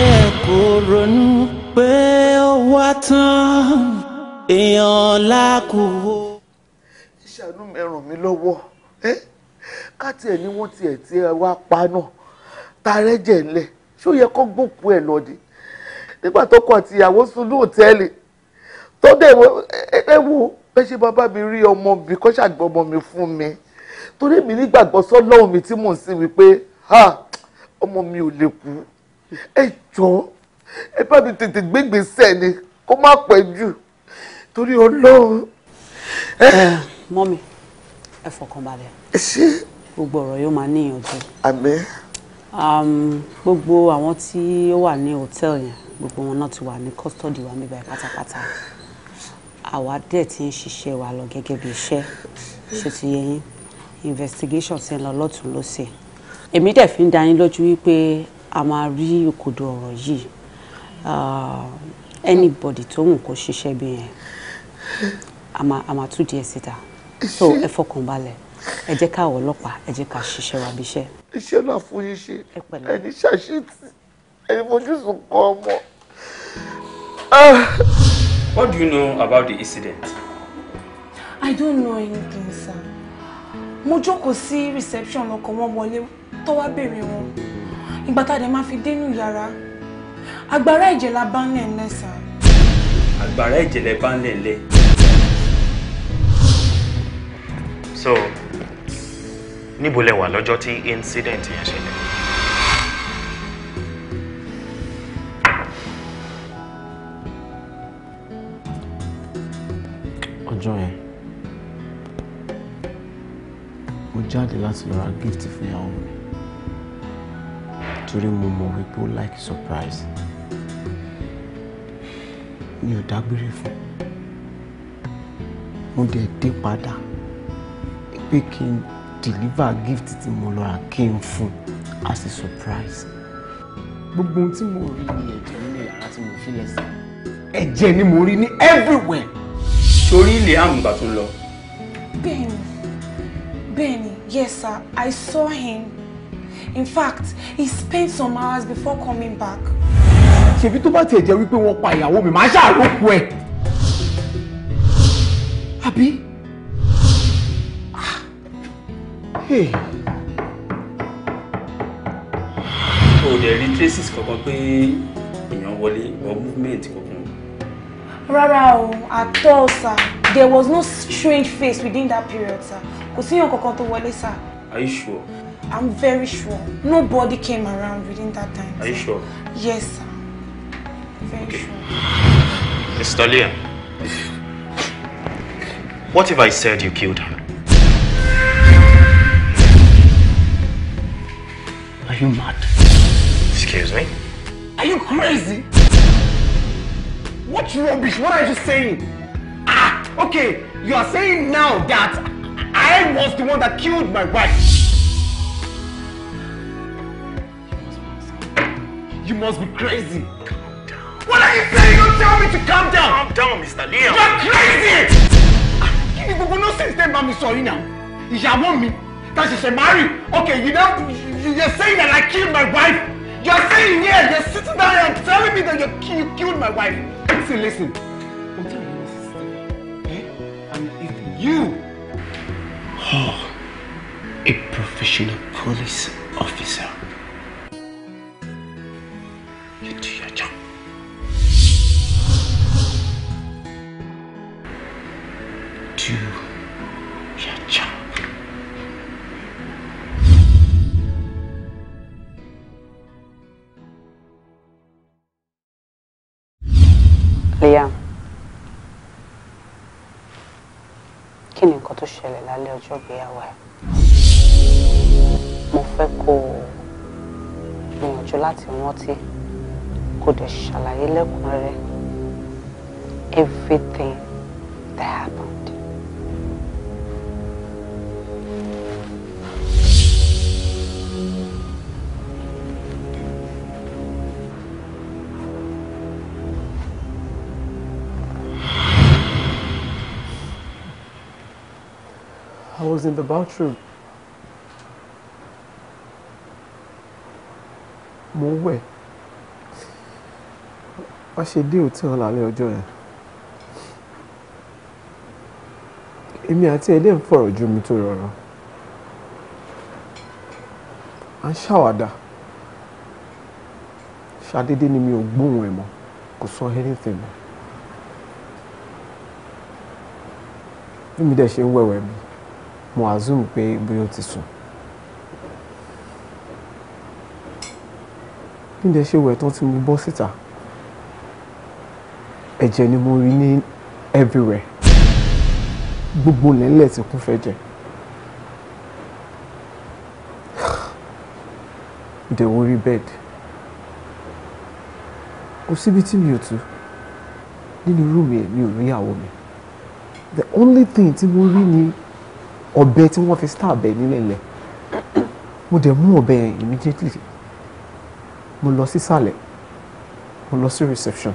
ẹ kò ronú pé ó wá tán èèyàn lákòó. ìṣàánú mi ràn mí lọ́wọ́ ká tiẹ̀ ní wọ́n tiẹ̀ tí ẹ wá pa náà tààrẹ́ jẹ̀ ńlẹ̀ ṣó yẹ kó gbòkú ẹ̀ lọ́dí nígbà tó kọ àti ìyàwó sunú òtẹ́ẹ̀lì tó dẹ̀ ẹ wo ẹ ṣe bàbá mi rí ọmọ mi kó ṣàgbọ́mọ mi fún mi torí mi nígbàgbọ́ sọ́lọ́hún mi tí mò ń sin wípé ha ọmọ mi ò lè kú ẹ jọ̀ọ́ ẹ bá mi tètè gbégbèsè ni kó má pẹ́ jù torí ọlọ́run. mọ́mi ẹ fọkàn balẹ̀ gbogbo ọ̀rọ̀ yóò máa níyànjú. àmín. gbogbo àwọn tí ó wà ní hòtẹ́ẹ̀lì yẹn gbogbo wọn náà ti wà ní kọ́sítọ́dì wa mi báyìí pátápátá àwa dẹ̀ ti ń ṣiṣẹ́ wa lọ gẹ́gẹ́ bí iṣẹ́ ṣe ti yẹ yín investigation ṣe lọ lọ́tún lọ́sẹ̀ èmi dẹ̀ fi ń dá lójú wípé a máa rí òkodò ọ̀rọ̀ yìí ah, anybody tó wù kó ṣiṣẹ́ bí yẹn a máa tú díẹ̀ síta so ẹ fọkàn balẹ̀ ẹ jẹ́ ká àwọn ọlọ́pàá ẹ jẹ́ ká ṣiṣẹ́ wa bíṣẹ́. iṣẹ́ náà fún yín ṣe ẹni ṣàṣetì ẹni fojú kọ ọmọ. Ah. What do you know about the incident? I don't know anything, sir mo jókòó sí reception lọkọ̀ wọn wọlé tó wá béèrè wọn ìgbà tá a dẹ̀ máa fi dénú yàrá agbára ẹ̀jẹ̀ la bá ń lẹ̀ ńlẹ̀ sá. agbára ẹ̀jẹ̀ lẹ bá ń lẹ̀ ńlẹ̀. so níbo lẹ wà lọ́jọ́ tí incident yẹn ṣẹlẹ̀. jáde láti lọ ra gift fún ìyàwó mi torí mo mọ̀ wípé ó like surprise mi ò dágbére fún mo dẹ̀ dé padà pé kí n deliver gift tí mo lọ ra kí n fún as a surprise gbogbo ohun tí mo rí ni ẹ̀jẹ̀ nínú yàrá tí mo fi lẹ́sẹ̀ ẹ̀jẹ̀ ni mo rí ní everywhere. torí ilé àmùgbà tó lọ. bẹ́ẹ̀ni bẹ́ẹ̀ni Yes, sir. I saw him. In fact, he spent some hours before coming back. Ṣebí tó bá tiẹ̀ jẹ́ wípé wọ́n pa ìyàwó mi, màá ṣàròkù ẹ̀. Àbí? O ò dẹ̀ rí traces kankan pé èèyàn wọlé or movement kankan. Rárá o, at all, sir. There was no strange face within that period, sir kò síyàn kankan tó wọlé sá. are you sure. i'm very sure nobody came around within that time. are you sure. yes sir very okay. sure. mr liam what if i said you killed her. Are you mad? Excuse me? Are you crazy? What rubbish? What are you saying? Ah, okay. You are saying now that I was the one that killed my wife. You must be crazy. Calm down. What are you saying? You tell me to calm down. Calm down, Mr. Liam. You're crazy. Kí ni gbogbo nonsense tẹ́ bá mi sọ yìí náà? Ìyàwó mi ta ṣẹ̀ṣẹ̀ marry. Okay, you don't, you're saying that I killed my wife. You're saying yeah, you're sitting down here and telling me that you, you killed my wife. Listen, listen. Eh? I'm telling you, sister. Eh? And if you Oh, a professional police officer. lálẹ́ ọjọ́ ìgbéyàwó ẹ̀ mo fẹ́ kó o gbìyànjú láti rántí kó dẹ̀ ṣàlàyé lẹ́kùnrẹ́rẹ́ everything that happened. in the bathroom. mo ń wẹ̀ wọ́n ṣe dé òtí hàn lálẹ́ ọjọ́ yẹn èmi àti ẹ̀ dẹ̀ ń fọ̀rọ̀ ju omi tó rọrùn à ń ṣàwàdà ṣàdédé ni mi ò gbóhùn ẹ̀ mọ́ kò sọ anything mọ́ bí mi dẹ̀ ṣe ń wẹ̀wẹ̀ mi mo assume pé bóyá ó ti sùn. bí ǹdẹ ṣe wẹ̀ tán tí mo bọ́ síta ẹ̀jẹ̀ ni mo rí ní everywhere gbogbo lẹ́lẹ̀ tí kún fẹ́ jẹ. ǹdẹ̀ wo rí bẹ́ẹ̀dì kò síbi tí mi ò tú nínú rúùmù ẹ̀ mi ò rí ìyàwó mi the only thing tí mo rí ni ọ̀bẹ tí wọ́n fi stab ẹ̀ nílẹ̀lẹ̀ mo dẹ̀ mú ọ̀bẹ yẹn immediately mo lọ sísàlẹ̀ mo lọ sí reception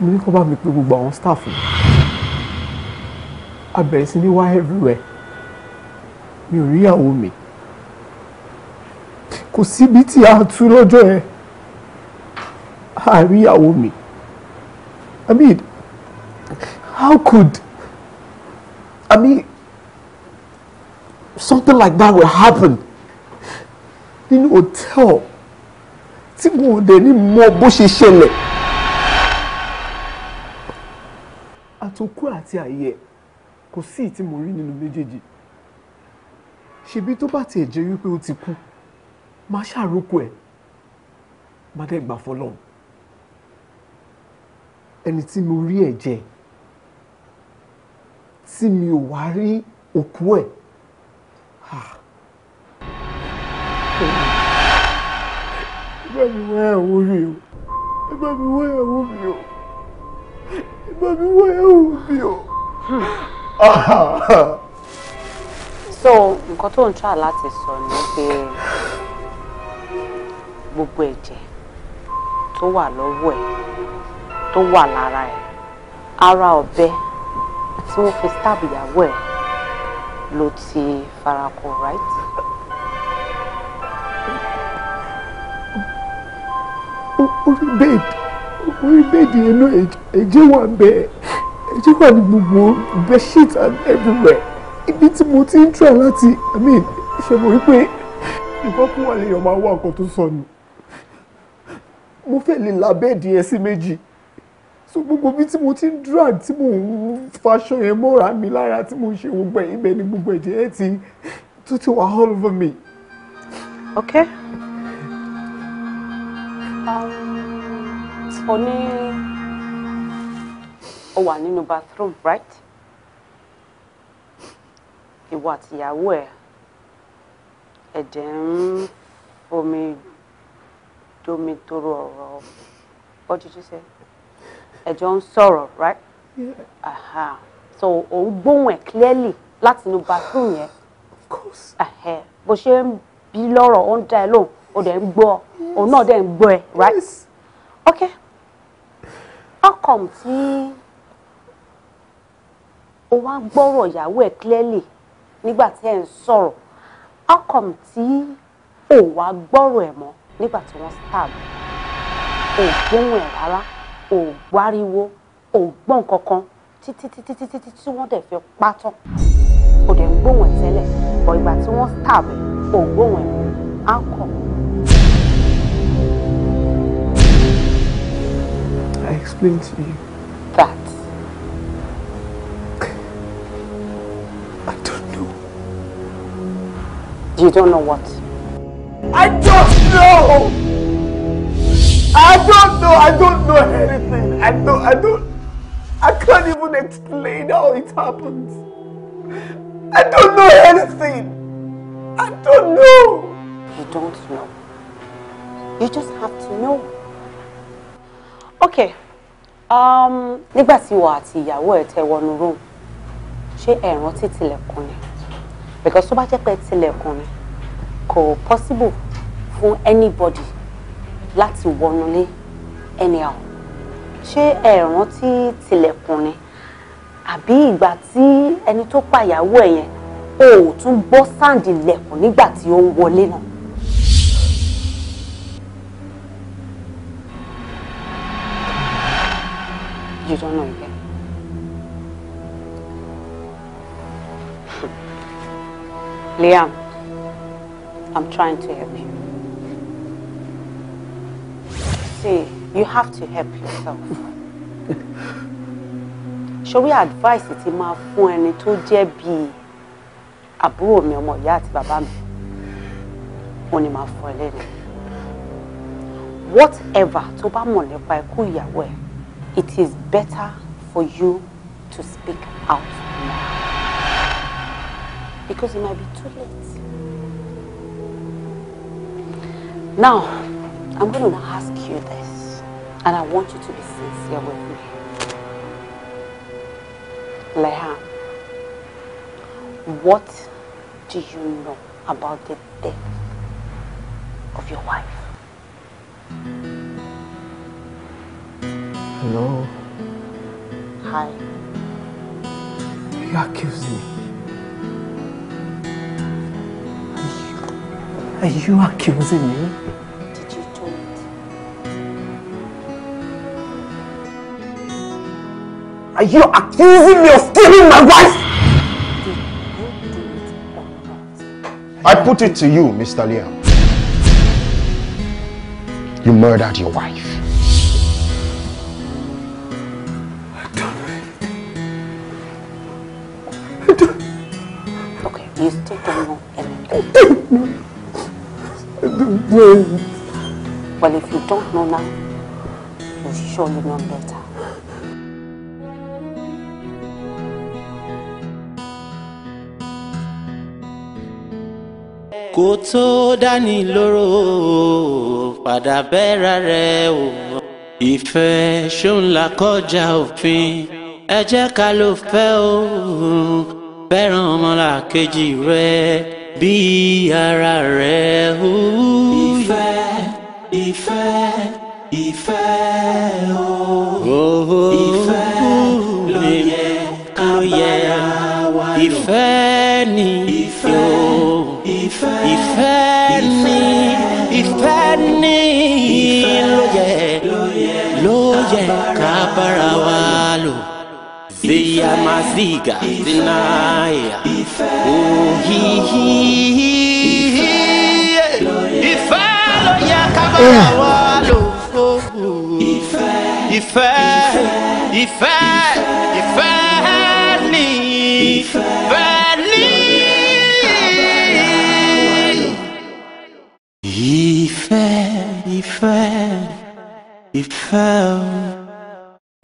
mo ní kó bá mi pè gbogbo àwọn staff mi a bẹ̀rẹ̀ sí ní wá everywhere mi ò rí ìyàwó mi kò síbi tí a tú lọ́jọ́ yẹn a rí ìyàwó mi I mean how could. something like that will happen nínú hotel. tí wọn ò dẹ̀ ní mọ bó ṣe ṣẹlẹ̀ àtòkù àti àyè kò sí ìtí mo rí nínú méjèèjì ṣebí tó bá tiẹ̀ jẹ́ wípé ó ti kú máa ṣàrókò ẹ̀ má dẹ́ gbà ẹni tí mo rí ẹ̀jẹ̀ tí mi ò wá rí òkú ẹ̀. bá mi wá ẹ̀wọ̀ mi o ẹ bá mi wá ẹ̀wọ̀ mi o ẹ bá mi wá ẹ̀wọ̀ mi o. so nǹkan tó ń tra láti sọ ni pé gbogbo ẹ̀jẹ̀ tó wà lọ́wọ́ ẹ̀ tó wà lára ẹ̀ ara ọ̀bẹ tí wọ́n fi stab ìyàwó ẹ̀ ló ti farakọ right. orí bẹ́ẹ̀dì orí bẹ́ẹ̀dì inú ẹ̀jẹ̀ wà bẹ́ẹ̀ ẹ̀jẹ̀ wà ní gbogbo bedsheet and everywhere ibi tí mo ti ń try láti i mean ṣe mo rí pé ìfọ́kùn wà lèèyàn máa wá nǹkan tó sọnù mo fẹ́ lè la bẹ́ẹ̀dì yẹn sí méjì so gbogbo bí tí mo ti ń drag tí mo ń faṣọ yẹn mọ́ra mi lára tí mo ń ṣe gbogbo ẹ̀yìn bẹ́ẹ̀ ni gbogbo ẹ̀jẹ̀ yẹn ti tó ti wà all over me. okay. Um o ní o wà nínú bathroom right ìwọ àtìyàwó ẹ ẹ̀jẹ̀ ń bomi domi toro ọ̀rọ̀ what did you say ẹ̀jọ̀ ń sọ̀rọ̀ right yeah. aha so òun gbóhùn ẹ̀ clearly láti inú bathroom yẹn of course bó ṣe ń bí lọ́rọ̀ ó ń dá ẹ lóhùn ó dẹ̀ ń gbọ́ ọ òun náà dẹ̀ ń gbọ́ ẹ right yes. okay how come tí o wá gbọ́rọ̀ ìyàwó ẹ̀ clearly nígbà tí ẹ̀ ń sọ̀rọ̀ how come tí o wá gbọ́rọ̀ ẹ̀ mọ́ nígbà tí wọ́n stab o gbóhùn ẹ̀ rárá o gbáriwo o gbọ́n kankan títí títí títí tí wọ́n dẹ̀ fi pátọ́ o dẹ̀ ń gbóhùn ẹ̀ tẹ́lẹ̀ bọ̀ ìgbà tí wọ́n stab o gbóhùn ẹ̀ how come. explain to you? That. I don't know. You don't know what? I don't know! I don't know! I don't know anything! I don't, I don't, I can't even explain how it happens. I don't know anything! I don't know! You don't know. You just have to know. Okay, Um, nígbà tí ìwọ àti ìyàwó ẹ̀ tẹ wọnú room ṣé ẹ rántí tilẹ̀kùn ni because tó bá jẹ́ pé tilẹ̀kùn ni kò possible fún anybody láti wọnulé anyhow ṣé ẹ rántí tilẹ̀kùn ni àbí ìgbà tí ẹni tó pàyàwó ẹ̀ yẹn o ò tún gbọ́ sáǹdì lẹ̀kùn nígbà tí ó ń wọlé náà. méjì I'm trying to help you. See, you have to help yourself. ṣorí advice ti máa fún ẹni tó to bíi àbúrò mi ọmọ ìyá àti bàbá mi ó ní máa fọ ẹ lẹ́nu whatever tó bá mọ̀ who you are. ẹ̀ it is better for you to speak out now. Because it might be too late. Now, I'm going to ask you this, and I want you to be sincere with me. Leha, what do you know about the death of your wife? Hello. Hi. You accuse me. Are you accusing me? Did you do it? Are you accusing me of stealing my wife? Did you do it or not? I put it to you, Mr. Liam. You murdered your wife. Estoy como el Well, if you don't know now, you surely know better. kó tó dání lóró padà bẹ́ra rẹ̀ o ìfẹ́ ṣó ń là kọjá òfin ẹ jẹ́ ká ló fẹ́ o fẹ́ràn ọmọlàkejì rẹ bí ara rẹ ó. ìfẹ́ ìfẹ́ ìfẹ́ o ìfẹ́ ló yẹ ká bára wa lò. ìfẹ́ ni ìfẹ́ ìfẹ́ ni ìfẹ́ ni ló yẹ ló yẹ ká bára wa lò seyamaziga sinaya ohihi ìfẹ́ ló yẹ ká bá wa lò fún ìfẹ́ ìfẹ́ ìfẹ́ ìfẹ́ ni ìfẹ́ ni ìfẹ́ ìfẹ́ ìfẹ́ o.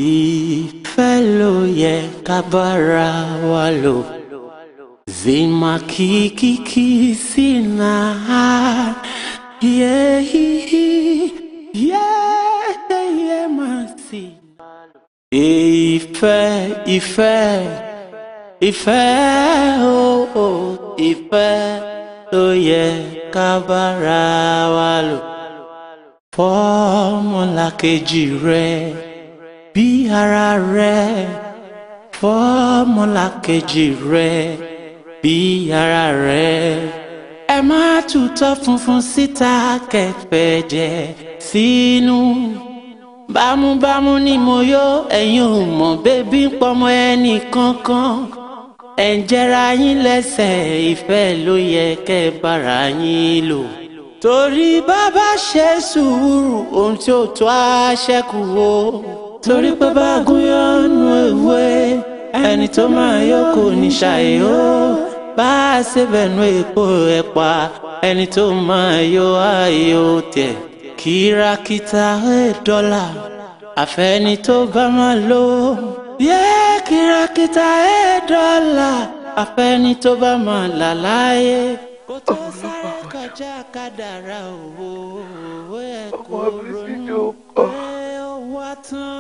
Ìfẹ́ ló yẹ ká bára wa lò. Zima kiki kisina. Yeah, yeah, yeah, yeah, mercy. Ìfẹ́, ìfẹ́, ìfẹ́, oh, oh, ìfẹ́ ló yẹ ká bára wa lò. Fọ́múlà kejì rẹ̀ bí ara rẹ fọ́mọlákejì rẹ bí ara rẹ ẹ má tutọ́ funfun síta kẹfẹ́ jẹ sínú bámúbámú ni mo yó ẹ̀yin ò mọ̀ bébí ń pọmọ ẹnì kankan ẹ̀ ń jẹra yín lẹ́sẹ̀ ìfẹ́ ló yẹ kẹ́ bára yín lò torí bàbá ṣe sùúrù ohun tí ó tó a ṣẹ́kù torí pé báàgùn yọnu ewé ẹni tó máa yókù ní ṣàyè ó bá a ṣe bẹ̀nu èpo ẹ̀pà ẹni tó máa yọ ayò tẹ̀ kìràkìtà dọ́là àfẹ́ni tó bá máa lò ó yẹ kìràkìtà dọ́là àfẹ́ni tó bá máa là láyé kó tó sá kọjá kádàrá òwò ẹ̀kọ́ ronú ẹ̀ wá tán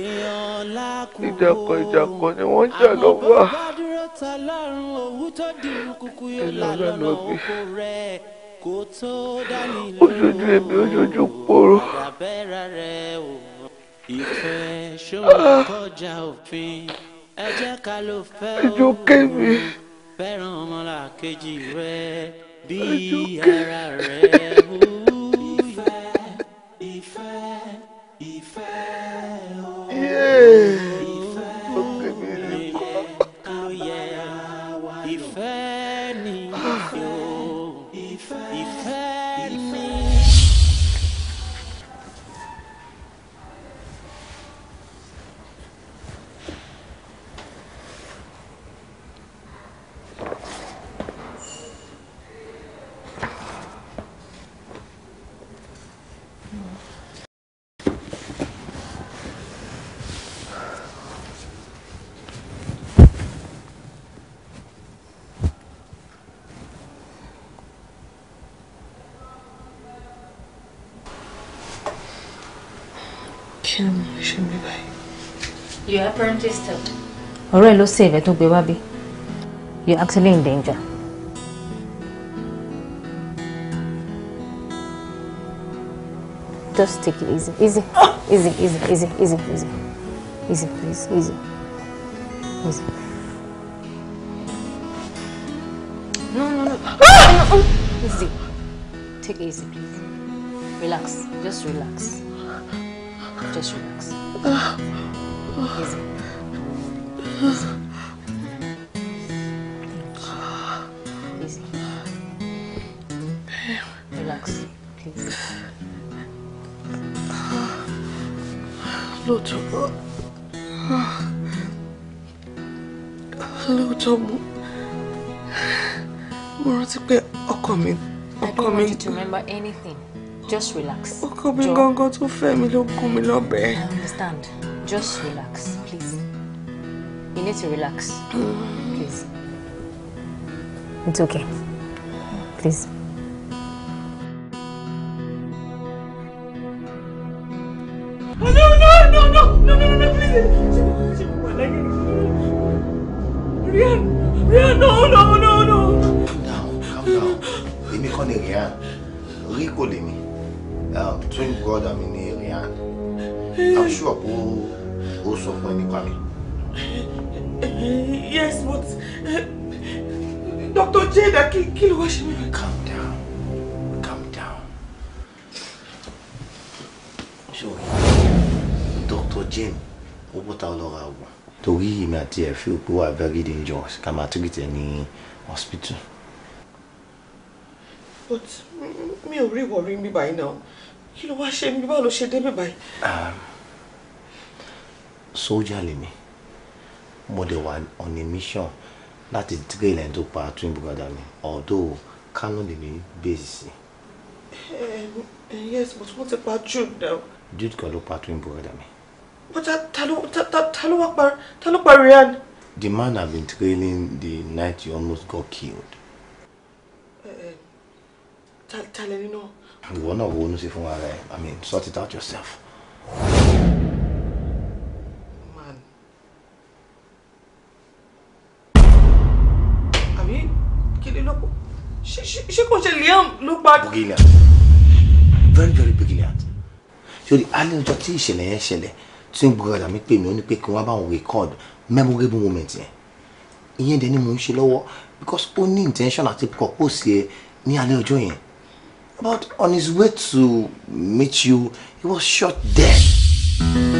ìjàkọ̀jàkọ̀ ni wọ́n jà lọ́wọ́ ìlọ́lá ah. ló bí ojoojú èmi ojoojú poro. ẹjọ́ kẹ́mi ẹjọ́ kẹ́mi. Hey. currently still. Ọ̀rẹ́ ló save ẹ̀ tó gbé wá bí. You're actually in danger. Just take it easy, easy, ah! easy, easy, easy, easy, easy, easy, please, easy, easy. No, no, no, no, ah! no, ah! easy. Take it easy, please. Relax, just relax, just relax. Easy. Relax, please. Lóòótọ́ lóòótọ́ mo mo rántí I don't want you to remember anything. Just relax. Ọkọ I understand. Just relax, please. You need to relax. Please. It's okay. Please. Oh, no, no, no, no, no, no, no, please. Rian, Rian, no, no, no, no. Calm down, calm down. Èmi kọ́ ni Rian. Rico lèmi. Um, twin brother mi ni Rian. I'm sure ó sọ fún ẹ yes but uh, Dr. Jada kill, ló wá ṣe calm down calm down. So, Dr. Jane what about ó bọ́ta ọlọ́ra ọ̀gbọ̀n torí èmi àti ẹ̀ fi òpó wà very dangerous ká máa treat ẹ ní hospital. but me, ò rí ìwọ̀rí mi báyìí náà kí ló wá ṣe mi báwo ló ṣe dé mi báyìí. Um, sójà mo dẹ̀ wà on a mission láti trail ẹni tó pa twin brother mi although Kano lè ní base sí. Eh, eh, yes but wọ́n ti pa Jude now. Jude kan ló pa twin brother mi. but ta ló ta ló wá pa ta ló pa Ryan. the man have been trailing the night he almost got killed. Eh, ta ta lẹni náà. ìwọ náà wo ló ṣe fún ara ẹ i mean sort it out yourself. Kí ló kọ́? Ṣé Liam ló pa? Brilliant. Very very brilliant. Sori, a ní ọjọ́ tí ìṣẹ̀lẹ̀ yẹn ṣẹlẹ̀ tí ń gbọ́dọ̀ mi pè mí ó ní pé kí wọ́n bá wọn record memorable moment yẹn. Ìyẹn dẹ̀ ni mò ń ṣe lọ́wọ́ because ó ní intention àti propose yẹn ní alẹ́ ọjọ́ yẹn. But on his way to meet you, he was shot dead. Mm -hmm.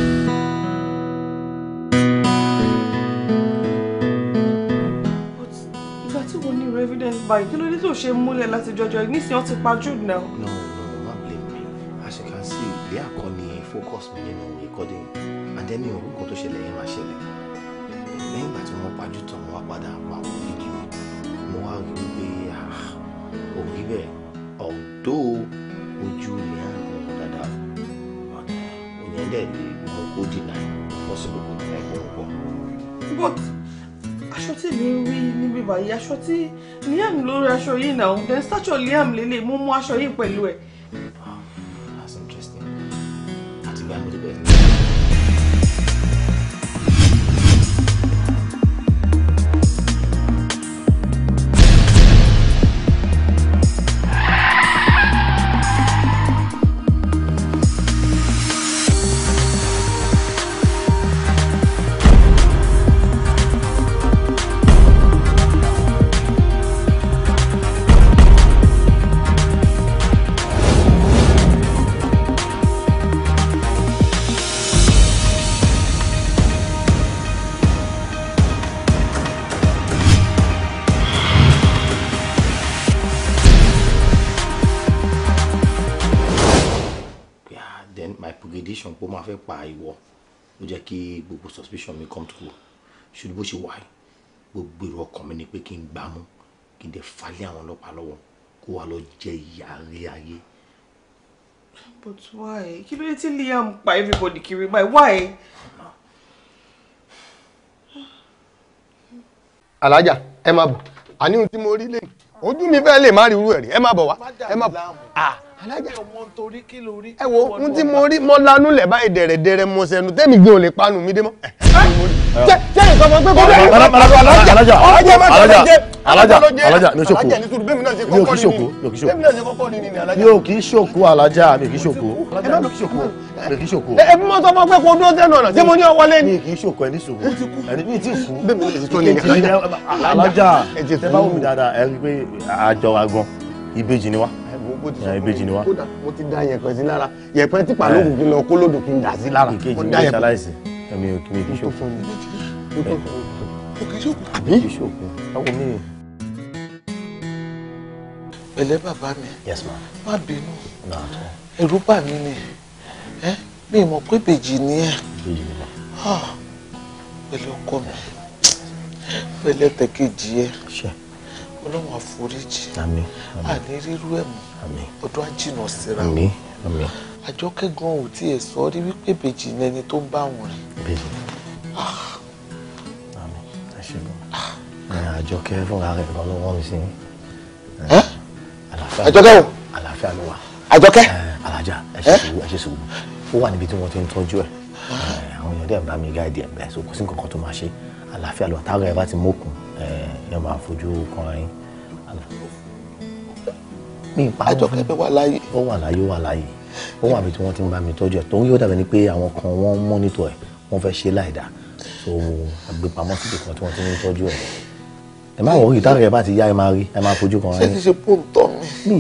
báyìí kí ló dé tó ṣe múlẹ̀ láti jọjọ nísìnyí wọ́n ti pa Jude náà. no no má blame me as you can see ilé àkọ́ni focus mi nínú recording and then mi ò rúkọ tó ṣẹlẹ̀ yẹn máa ṣẹlẹ̀ lẹ́yìn ìgbà tí wọ́n pa Jude tán wọ́n padà wà wọ́n fídíò mo wá rí i pé ah, òbí bẹ́ẹ̀ ọ̀dọ́ ojú rẹ̀ hàn mọ́ dáadáa òyìn dẹ̀ lè mú kó dìnnà possible kó dìnnà ẹ̀kọ́ ọ̀pọ̀ aṣọ tí mi rí níbi báyìí aṣọ tí Liam ló ra aṣọ yìí náà then stature Liam lélẹ̀ mo mú aṣọ yìí pẹ̀lú ẹ̀ then my prediction pé ó máa fẹ́ pa ìwọ ó jẹ́ kí gbogbo suspicion mi come true ṣùgbọ́n bó ṣe wà gbogbo èrò ọkàn mi ni pé kí n gbámú kí n dẹ̀ falẹ̀ àwọn ọlọ́pàá lọ́wọ́ kó wá lọ jẹ ìyà rí ayé. but why kí ló dé tí Liam pa everybody kiri my why. alájà ẹ má bọ̀ àní ohun tí mo rí lẹ́yìn ojú mi fẹ́ lè má rí irú ẹ̀ rí ẹ má bọ̀ wá ẹ má bọ̀ ah alájà ọmọ ẹ wo ohun tí mo rí mo lanú lẹ báyìí dẹrẹdẹrẹ mo sẹnu tẹmí gbé olè panu mi dé mọ. Eh, ṣé ṣé nǹkan mọ pé kó bẹ́ẹ̀ ní alájà alájà alájà alájà alájà mi ò ṣòkó mi ò kí ṣòkó mi ò kí ṣòkó mi ò kí ṣòkó alájà mi ò kí mi ò kí ṣòkó mi ò kí ṣòkó. ẹ bí mo sọ fún ọ pé kò dúró sẹ́nu ọ̀nà tí mo ní ọwọ́ lẹ́nu. mi kì í ṣòkó ẹni ṣòkó ẹni mi ti kú alájà tẹ bá wù mí dáadáa ẹ rí i pé àjọ wa ìbejì ni wa bó ti sọ fún mi kódà mo ti da yẹ̀pẹ̀ sí lára yẹ̀pẹ̀ tí pàlóògùn kí n lọ kó lòdù kí n dà sí lára mo da yẹ̀pẹ̀. èmi ò kí n fi ṣòfò àbí báwo mi. pẹ̀lẹ́ bàbá mi má bínú ẹ̀rù bà mí ni mi ì mọ̀ pé bèjì ni ẹ̀ ah, pẹ̀lẹ́ ọkọ mi pẹ̀lẹ́ tẹ̀kejì ẹ̀ ọlọ́run àforíjì àmín àní rírú ẹ̀ mọ́ àmín ọdún àjìnà síra àmín àmín àjọkẹ́ gan ò tiẹ̀ sọ rí wípé ìbejì ni ẹni tó ń bá wọn rìn. ìbejì ah. àmín ẹ ṣe bọ àjọkẹ́ fúnra rẹ̀ gan ló wọ́n mi sí. àjọkẹ́ o àlàáfíà ló wà. àjọkẹ́ alájà ẹ ṣe sùúrù ẹ ṣe sùúrù ó wà níbi tí wọ́n ti ń tọ́jú ẹ̀ ah. àwọn èèyàn dẹ̀ ń bá mi gáàdì ẹ̀ bẹ́ẹ̀ so kò sí nǹkan kan tó máa ṣe àlàáfíà ló wà táwọn ẹ̀ bá ti mókun ẹ máa fojú kan ara yín. mi ìpamọ́ fún àjọkẹ́ fẹ́ wà láàyè. ó wà láàyè ó wà láàyè ó wà bí tí wọ́n ti ń bá mi tọ́jú ẹ̀ tó ń yóò dàbẹ̀ ni pé àwọn kan wọ́n ń mọ́nítọ̀ ẹ̀ wọ́n fẹ́ ṣe láìda so àgbépamọ́ síbi kan tí wọ́n ti ń tọ́jú ẹ̀ ẹ má wọrí ìtàn rẹ bá ti yá ẹ máa rí ẹ máa fojú kan ara yín. ṣé ti ṣe pọ́ǹtọ́ mi.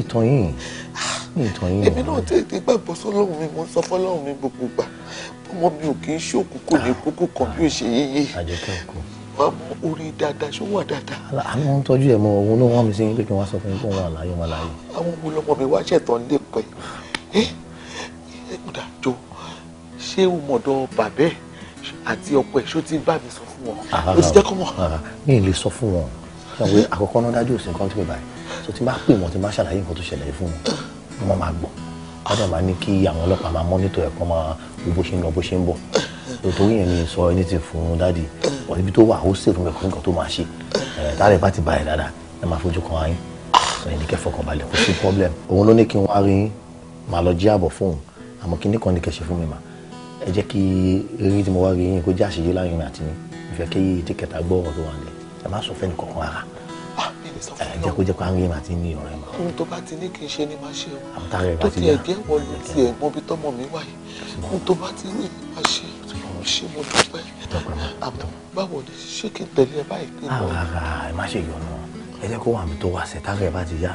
mi ìtàn èmi náà tẹ ti gbàgbọ́ sọ́lọ́run mi mo sọ fọ́lọ́run mi gbogbo gbà ọmọ mi ò kì í ṣe òkú kò ní kúkú kan bí ó ṣe yíyé. àjẹkẹ́ òkú bá mọ orin dáadáa ṣó wà dáadáa. àmọ́ ń tọ́jú ẹ̀ mọ òun ló wọ́n mi sí pé kí wọ́n sọ fún mi kó wọ́n àlàyé wọn láàyè. àwọn wo lọmọ mi wá ṣẹ̀tàn lè pẹ́ ẹ́ ẹ̀kúdà jọ ṣé o mọ̀dọ̀ bàbẹ́ àti ọkọ ẹ̀ ṣó bá mi sọ fún wọn o ti jẹ́ mọ̀. mi ì lè sọ fún wọn ṣàwé àkọ́kọ́ náà dájú òsì nǹkan tó báyìí so tí n pè wọ́n tí n ṣàlàyé nǹkan tó ṣẹlẹ̀ fún wọn wọ́n máa gbọ́ a dẹ̀ máa ní kí àwọn ọlọ́pàá máa mọ́nítọ̀ ẹ̀ kọ́ máa wo bó ṣe ń lọ bó ṣe ń bọ̀ nítorí yẹn mi sọ ẹni ti fún dáàdi wọ́n ibi tó wà ó sì fún mi nǹkan tó máa ṣe ẹ̀ tá a lè bá ti bá ẹ̀ dáadáa ẹ máa fojú kan ayín ẹ̀ ní kẹfọ́ kan balẹ̀ kò sí problem òun ló ní kí n wá rí màá lọ jí àbọ̀ fóun àmọ́ kí nìkan ní kẹ́ ṣe fún mi mà ẹ jẹ́ kí eré tí mo wá rí yín kó jẹ́ àṣeyé láàrin àti mi ìfẹ́ kí tíkẹ́tà gbọ́ ọ̀rọ̀ tó wà ní ẹ má sọ fẹ́ni kankan rárá jẹ́ kó jẹ́ kó àwọn èèyàn àti ní ọ̀rẹ́ mà. ohun tó bá ti ní kì í ṣe ni máa ṣe o tó tiẹ̀ jẹ́ wọ ló tiẹ̀ mọ ibi tọ́mọ mi wà yìí ohun tó bá ti ní máa ṣe o ṣe mo dúpẹ́ àmọ́ báwo ni ṣé kí n tẹ̀lé ẹ báyìí kí n lọ. ara ẹ má ṣe ìyọnu ẹ jẹ́ kó wà mí tó wà sẹ́ tágẹ̀ bá ti yá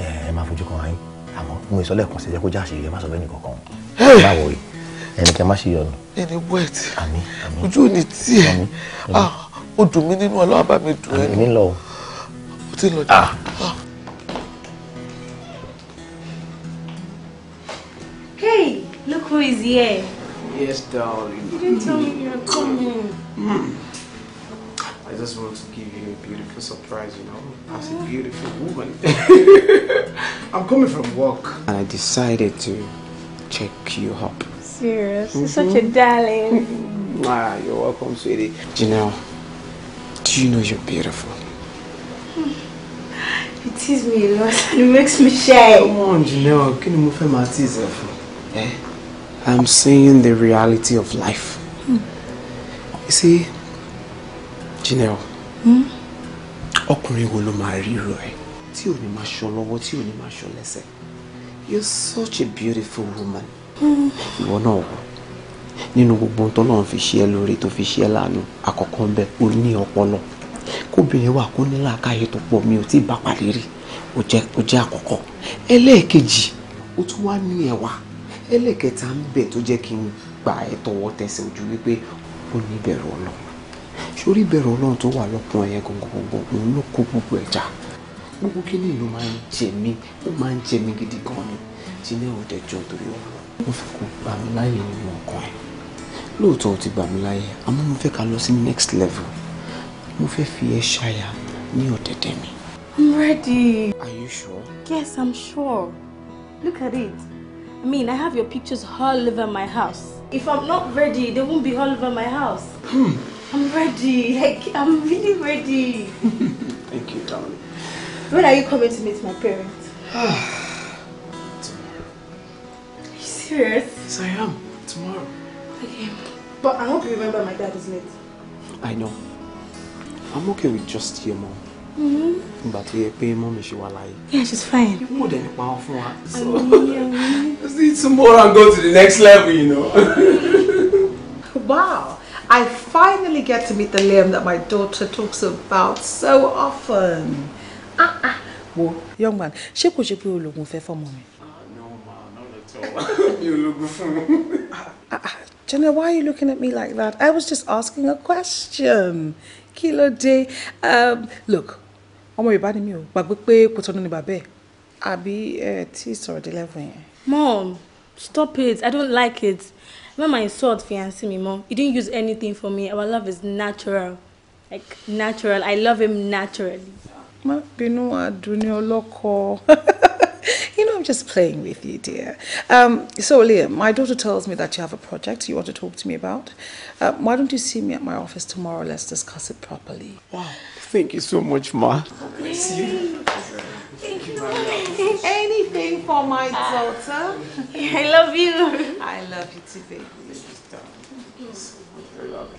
ẹ máa fojú kan ayé àmọ́ mo ìsọlẹ̀ kan ṣe jẹ́ kó já àṣírí ẹ má sọ bẹ́ẹ̀ nìkankan báwo rí ẹnì kẹ́ má ṣe ìyọnu. ẹni wet ojú ò ní tiẹ̀ ah, ó dùn mí nínú ọlọ́wọ́ bá mi dùn ẹnu ó ti lọ ah. Hey, look who is here. Yes, darling. You didn't tell me you were coming. Hmm. I just want to give you a beautiful surprise, you know, as a oh. beautiful woman. I'm coming from work. And I decided to check you up. Serious? You're mm -hmm. such a mm-hmm. darling. ah, you're welcome, sweetie. Janelle, do you know you're beautiful? You tease me a lot and it makes me shy. Come on, Janelle. can you move fẹ́ máa tease ẹ fún? Eh? I'm seeing the reality of life. Hmm. You see, Janelle, hmm? ọkùnrin wo ló máa ríro ẹ? Tí ò ní máa ṣọ lọ́wọ́, tí ò ní máa ṣọ lẹ́sẹ̀. You're such a beautiful woman. Hmm. Ìwọ náà wọ̀ nínú gbogbo ohun tó lọ́n fi ṣe ẹ lóore tó fi ṣe ẹ láàánú àkọ́kọ́ ń bẹ ó kóbìnrin wà kó ní làákàyè tó pọ̀ mi ò tí ì bá pàdé rí ó jẹ́ àkọ́kọ́ ẹlẹ́ẹ̀kejì ó tún wá ní ẹwà ẹlẹ́ẹ̀kẹta ń bẹ tó jẹ́ kí n gba ẹ̀tọ́wọ́ tẹsẹ̀ ojú wípé ó ní ìbẹ̀rù ọlọ́run sórí ìbẹ̀rù ọlọ́run tó wà lọ́kùn ẹ̀yẹ gbogbogbò òun ló kó gbogbo ẹ̀já gbogbo kí ni ìlú máa ń jẹ mí ó máa ń jẹ mí gidi gan ni tí ní ọ̀dẹ̀ jọ torí ọ̀rọ̀ mo fẹ́ kó gbà mí láyè nínú ọkàn ẹ̀ lóòótọ́ ó ti gbà àmọ́ mo fẹ́ ká lọ sí next level mo fẹ́ fi ẹ ṣaya ní ọ̀dẹ̀dẹ̀ mi. I'm ready. Are you sure? Yes, I'm sure. Look at it. I mean, I have your pictures all over my house. If I'm not ready, they won't be all over my house. Hmm. I'm ready. Like, I'm really ready. Thank you, darling. When are you coming to meet my parents? Tomorrow. Are you serious? Yes, I am. Tomorrow. Okay. But I hope you remember my dad is late. I know. I'm okay with just your mom. Ìgbà tó yẹ pé mọ́ mi ṣe wà láyé. Yeah, she's fine. Ikú òde nípa wọn fún wa. So let's eat some more and go to the next level, you know. Wow, I finally get to meet the Liam that my daughter talks about so often. Ah ah. Wo, young man, she ṣé you ṣe pé ológun for fọ́mọ mi? Ah, no ma, not at all. Mi ò lógun fún un. Ah, ah, Jenna, why are you looking at me like that? I was just asking a question kí ló dé um, look ọmọ yorùbá ni mi ò gbàgbé pé pọtọ́nù ni bàbá ẹ̀ àbí ẹ tí sọ̀rọ̀ dé lẹ́fún yẹn. mom stop it i don't like it when my insult fiancé mi mom he didn't use anything for me our love is natural like natural i love him naturally. má bínú àdùnní ọlọ́kọ. you know, I'm just playing with you, dear. Um, so, Liam, my daughter tells me that you have a project you want to talk to me about. Uh, why don't you see me at my office tomorrow? Let's discuss it properly. Wow. Thank you so much, Ma. Bless you. Thank you. Anything for my daughter. I love you. I love you too, baby. I love you.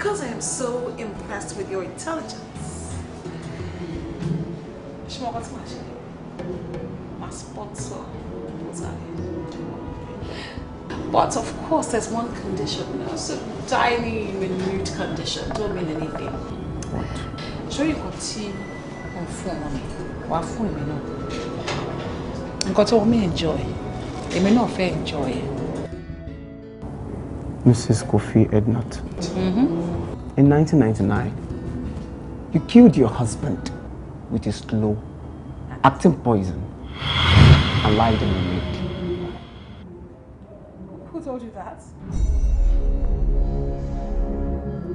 because I am so impressed with your intelligence. my sponsor, But of course, there's one condition now. It's a tiny, minute condition. Don't mean anything. What? Show you continue on phone money. Wà fún you know. Nǹkan tó mi enjoy. Èmi náà fẹ́ enjoy. Mrs. Kofi Ednot. Mm -hmm. In 1999, you killed your husband with a slow acting poison and lied in the rape. Who told you that?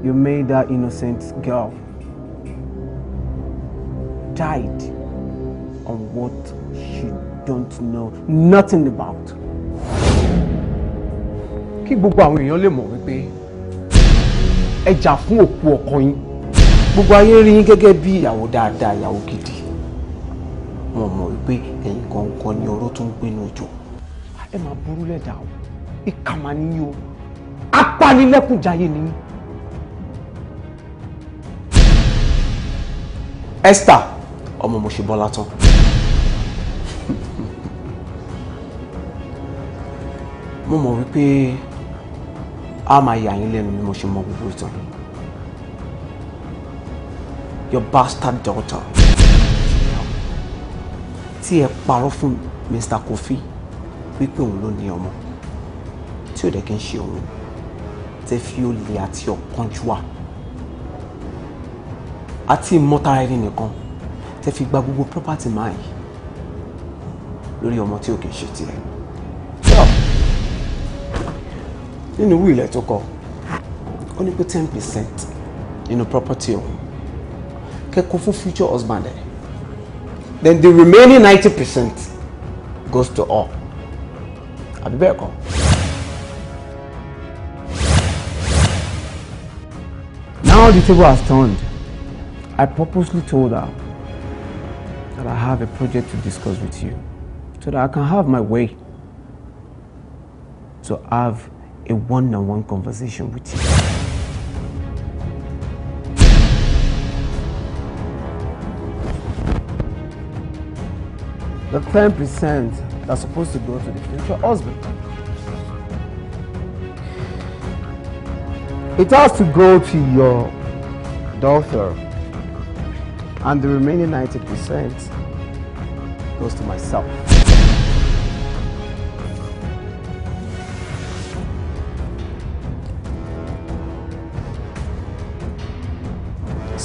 You made that innocent girl died on what she don't know nothing about. kí gbogbo àwọn èèyàn lè mọ̀ wípé ẹ jà fún òkú ọkọ yín gbogbo ayé rí yín gẹ́gẹ́ bí ìyàwó dáadáa ìyàwó gidi wọn mọ̀ wípé ẹ̀yin kọ̀ọ̀kan ni ọ̀rọ̀ tó ń gbénu jọ ẹ máa burú lẹ́dà o ìkà mà ní yín o apanilẹ́kùnjayé ni yín. Esther ọmọ mo ṣe bọ́lá tán. mo mọ̀ wípé a máa yà yín lẹ́nu ni mo ṣe mọ gbogbo ìtàn your bastard daughter tí ẹ parọ́ fún Mr. Kofi wípé òun ló ní ọmọ tí ò dẹ̀ kí n ṣe òun tẹ fi olè àti ọ̀kánjúwà àti ìmọ̀tara ẹni nìkan tẹ fi gba gbogbo property máa yìí lórí ọmọ tí ò kì í ṣe tiẹ̀. nínú wíìlì ẹ̀ tó kọ ó ní pé ten percent nínú property ọ̀hún kẹ́kọ̀ọ́ fún future husband ẹ̀ then the remaining ninety percent goes to all àbí bẹ́ẹ̀ kọ́. Now the table has turned. I purposely told her that I have a project to discuss with you so that I can have my way to have a one-on-one -on -one conversation with you. The 10% that's supposed to go to the future husband. It has to go to your daughter. And the remaining 90% goes to myself.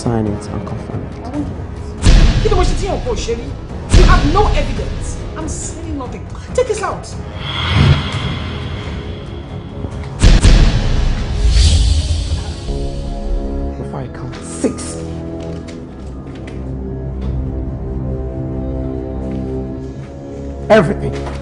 Sign it and confirm it. Kí ni mo ṣe tí ẹ̀ kò ṣe rí? You have no evidence. I'm saying nothing. Take this out. Before I count six. Everything.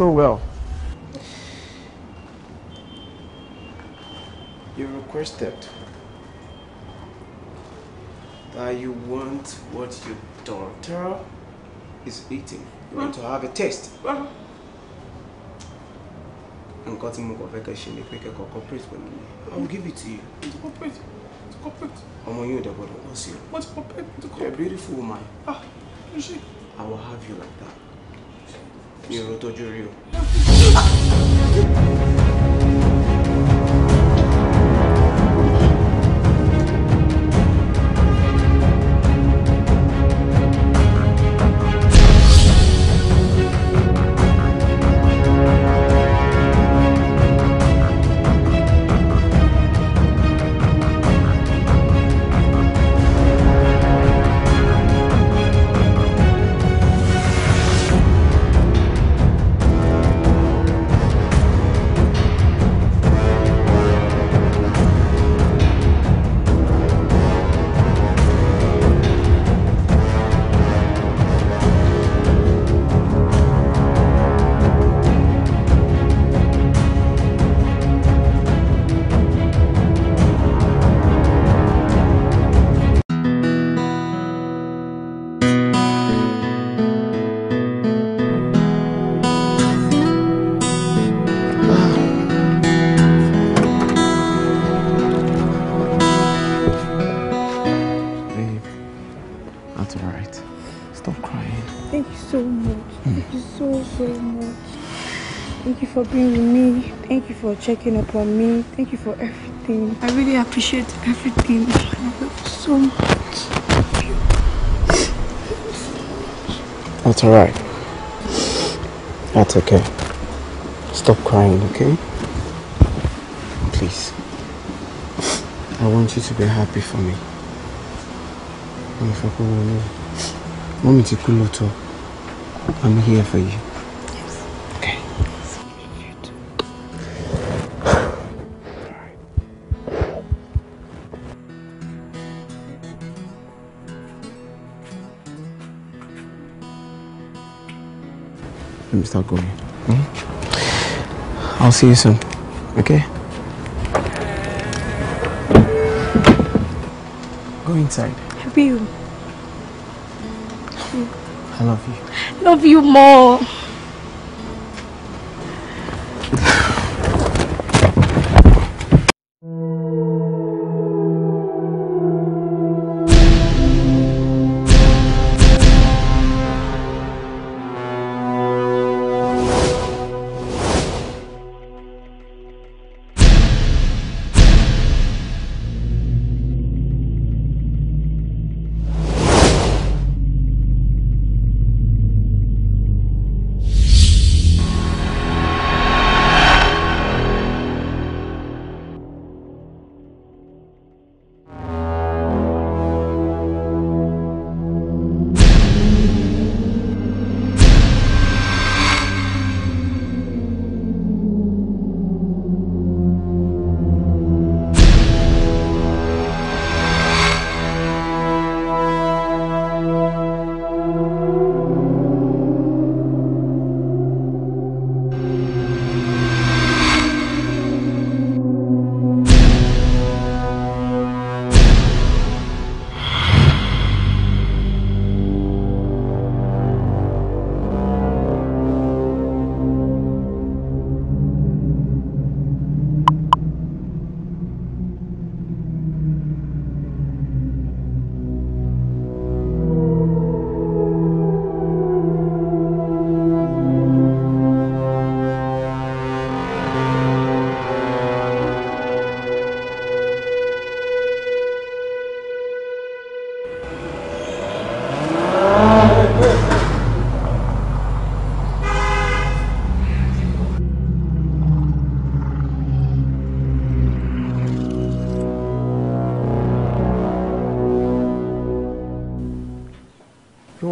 so well. You requested that you want what your daughter is eating. You want to have a taste. nǹkan tí mo kàn fẹ́ kẹ́ if we can kẹ́kọ̀ọ́ cooperate with me. i will give it to you. It's cooperate It's cooperate. I'm on you, the sí o. wọ́n ti cooperate to you are a beautiful woman. ah you see. i will have you like that. mi ò rò rí o. Ah! for being with me. Thank you for checking up on me. Thank you for everything. I really appreciate everything. I love so much. That's alright. That's okay. Stop crying, okay? Please. I want you to be happy for me. I'm Mommy, oh. I'm here for you. start going. Hmm? I'll see you soon. Okay? Go inside. Have you? I love you. Love you more.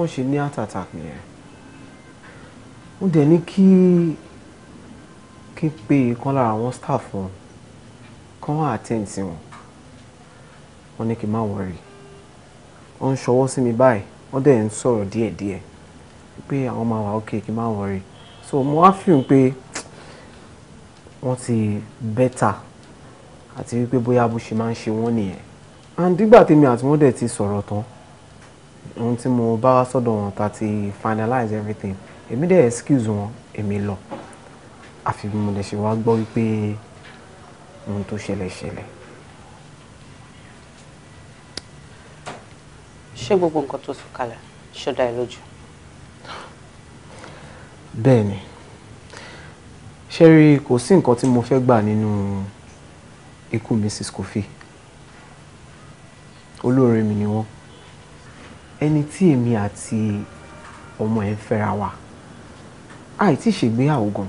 ṣe ní heart attack nìyẹn mo dẹ̀ ní kí kí n pe ìkan lára àwọn staff wọn kán wá attend sí wọn wọn ní kí n má worry wọn ń ṣọwọ́ sí mi báyìí wọn dẹ̀ ń sọ̀rọ̀ díẹ̀díẹ̀ pé àwọn máa wà okay kí n má worry so mo wá fìhùn pé wọ́n ti better àti wípé bóyá bó ṣe máa ń ṣe wọ́n nìyẹn and nígbà tèmi àti wọ́n dẹ̀ ti sọ̀rọ̀ tán ohun tí mo bá wá sọ́dọ̀ wọn ta ti finalize everything èmi dẹ̀ excuse wọn èmi lọ àfi mo lè ṣe wá gbọ́ wípé ohun tó ṣẹlẹ̀ ṣẹlẹ̀. ṣé gbogbo nǹkan tó sùn kalẹ̀ ṣó dá ẹ lójú. bẹ́ẹ̀ ni ṣe rí kò sí nǹkan tí mo fẹ́ gbà nínú ikú Mrs. Kofi olóore mi ni wọ́n ẹni tí èmi àti ọmọ ẹ̀ ń fẹ́ra wa àì tí ṣègbéyàwó gan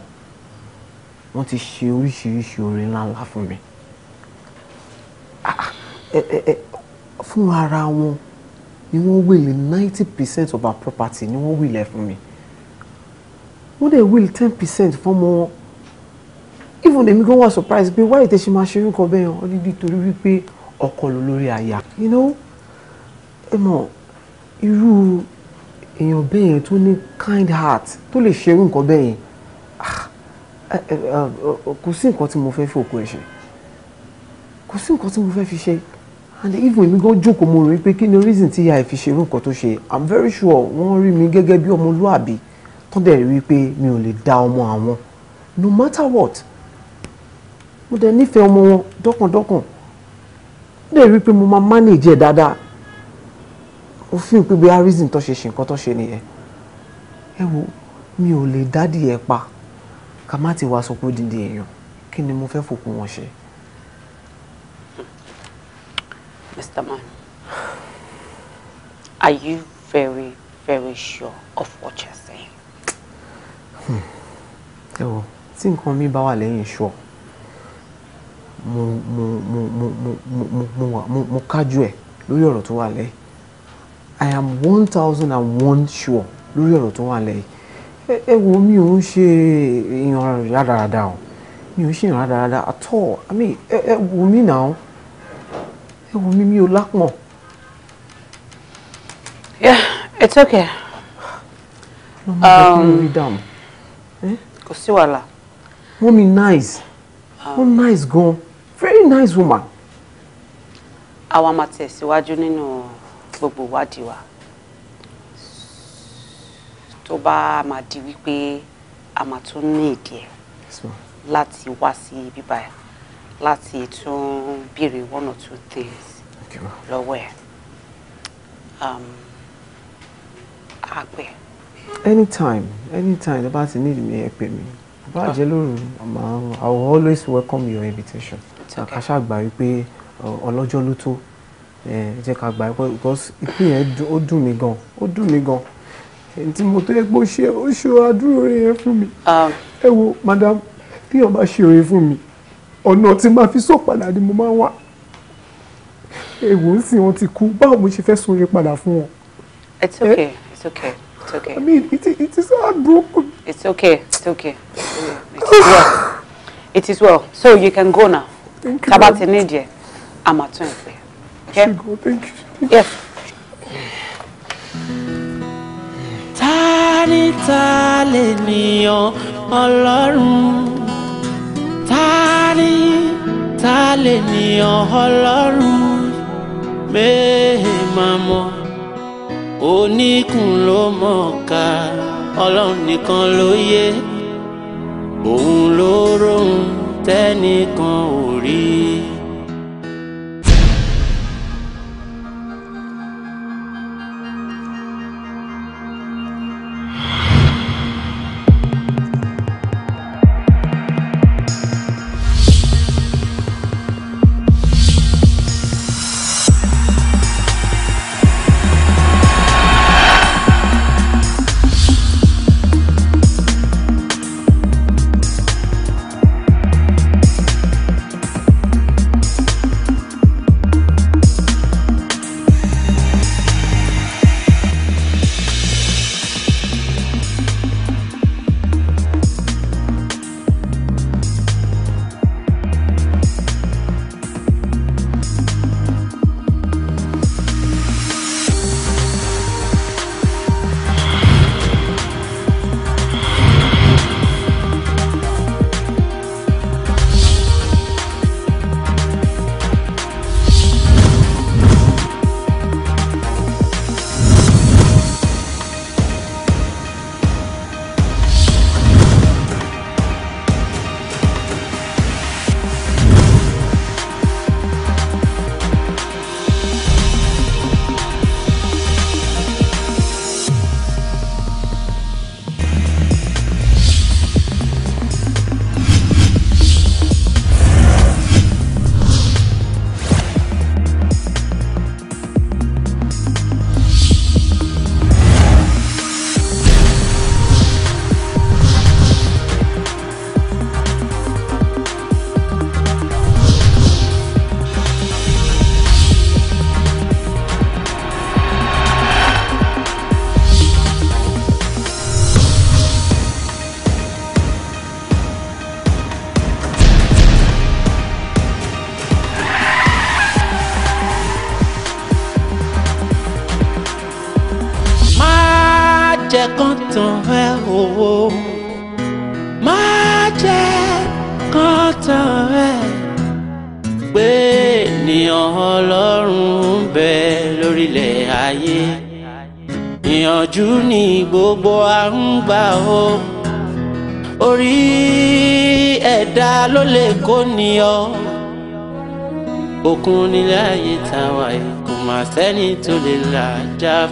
wọ́n ti ṣe oríṣiríṣi orin ńláńlá fún mi fún ara wọn ni wọ́n wílì ninety percent of our property ni wọ́n wílẹ̀ fún mi wọ́n dẹ̀ wílì ten percent fọ́mọ wọn even èmi gan wà surprise pé wáyé tẹ̀sí máa ṣe orúkọ bẹ́ẹ̀ hàn nítorí wípé ọkọ ló lórí aya you know ẹ mọ̀ irú èèyàn bẹ́ẹ̀ yẹn tó ní kind heart tó lè ṣerú nǹkan bẹ́ẹ̀ yẹn ah, kò sí nǹkan tí mo fẹ́ fi òkú ẹ̀ ṣe kò sí nǹkan tí mo fẹ́ fi ṣe and even èmi gan jókòó mo rí pé kí ni reason ti ya ẹ̀ fi ṣerú nǹkan tó ṣe i'm very sure wọ́n rí mi gẹ́gẹ́ bí ọmọlúàbí tó dẹ̀ rí pé mi ò lè da ọmọ àwọn no matter what mo dẹ̀ nífẹ̀ẹ́ ọmọ wọn dọ́kàndọ́kàn ó dẹ̀ rí pé mo máa manage ẹ̀ dáadáa ó fi pé bóyá reason tó ṣe ṣe nǹkan tó ṣe nìyẹn ẹ wo mi ò lè dádì ẹ pa ká má ti wá sọ pé dídì èèyàn kí ni mo fẹ́ fòkun wọn ṣe. Mr. Man, are you very very sure of what you're saying? Hmm. ẹ wo tí nǹkan mi bá wà lẹ́yìn sure mo mo mo mo mo mo mo mo kájú ẹ lórí ọ̀rọ̀ tó wà lẹ́yìn. I am one thousand and one sure lórí ọ̀rọ̀ tó wà lẹ́yìn ẹ wo mi ò ń ṣe ìyàn rádaràda o mi ò ń ṣe ìyàn rádaràda at all I mean ẹ wo mi náà ẹ wo mi mi ò lápọ̀n. yeah it's okay. ló máa jẹ́ kí lórí um, dààmú. Eh? kò sí wàhálà. wọ́n mi nice um, wọ́n um, nice gan very nice woman. àwa máa tẹ̀síwájú nínú. No gbogbo ìwádìí wa tó bá máa di wípé a máa tún ní ìdí ẹ̀ láti wá sí ibi báyìí láti tún béèrè one or two things lọ́wọ́ ẹ̀ um, àgbẹ̀. anytime anytime ẹ bá ti need me ẹ pè mí bá jẹ́ lóru i will always welcome your invitation àkàṣà gbà wípé uh, ọlọ́jọ́ ló tó ẹ jẹ́ ká gbà ẹ́ because ìpín yẹn ó dùn mí gan ó dùn mí gan ẹni tí mo tó yẹ pé ó ṣe ó ṣe àdúró yẹn fún mi ah. ẹ wo madam bí bá ṣe orin fún mi ọ̀nà tí màá fi sọ padà ni mo máa wá ẹ wò ń sìn wọn ti kú báwo mo ṣe fẹ́ sun orin padà fún wọn. it's eh? okay it's okay it's okay. i mean it, it is heartbroken. it's okay it's okay it is well it is well so you can go now. thank you tabati need i'm at home. Here. Go, thank you. Yes. Ta ni ta lè níyàn Ọlọ́run? Ta ni ta lè níyàn Ọlọ́run? Mẹ́ẹ̀ máa mọ̀, oníkùn ló mọ̀ ká, Ọlọ́run nìkan ló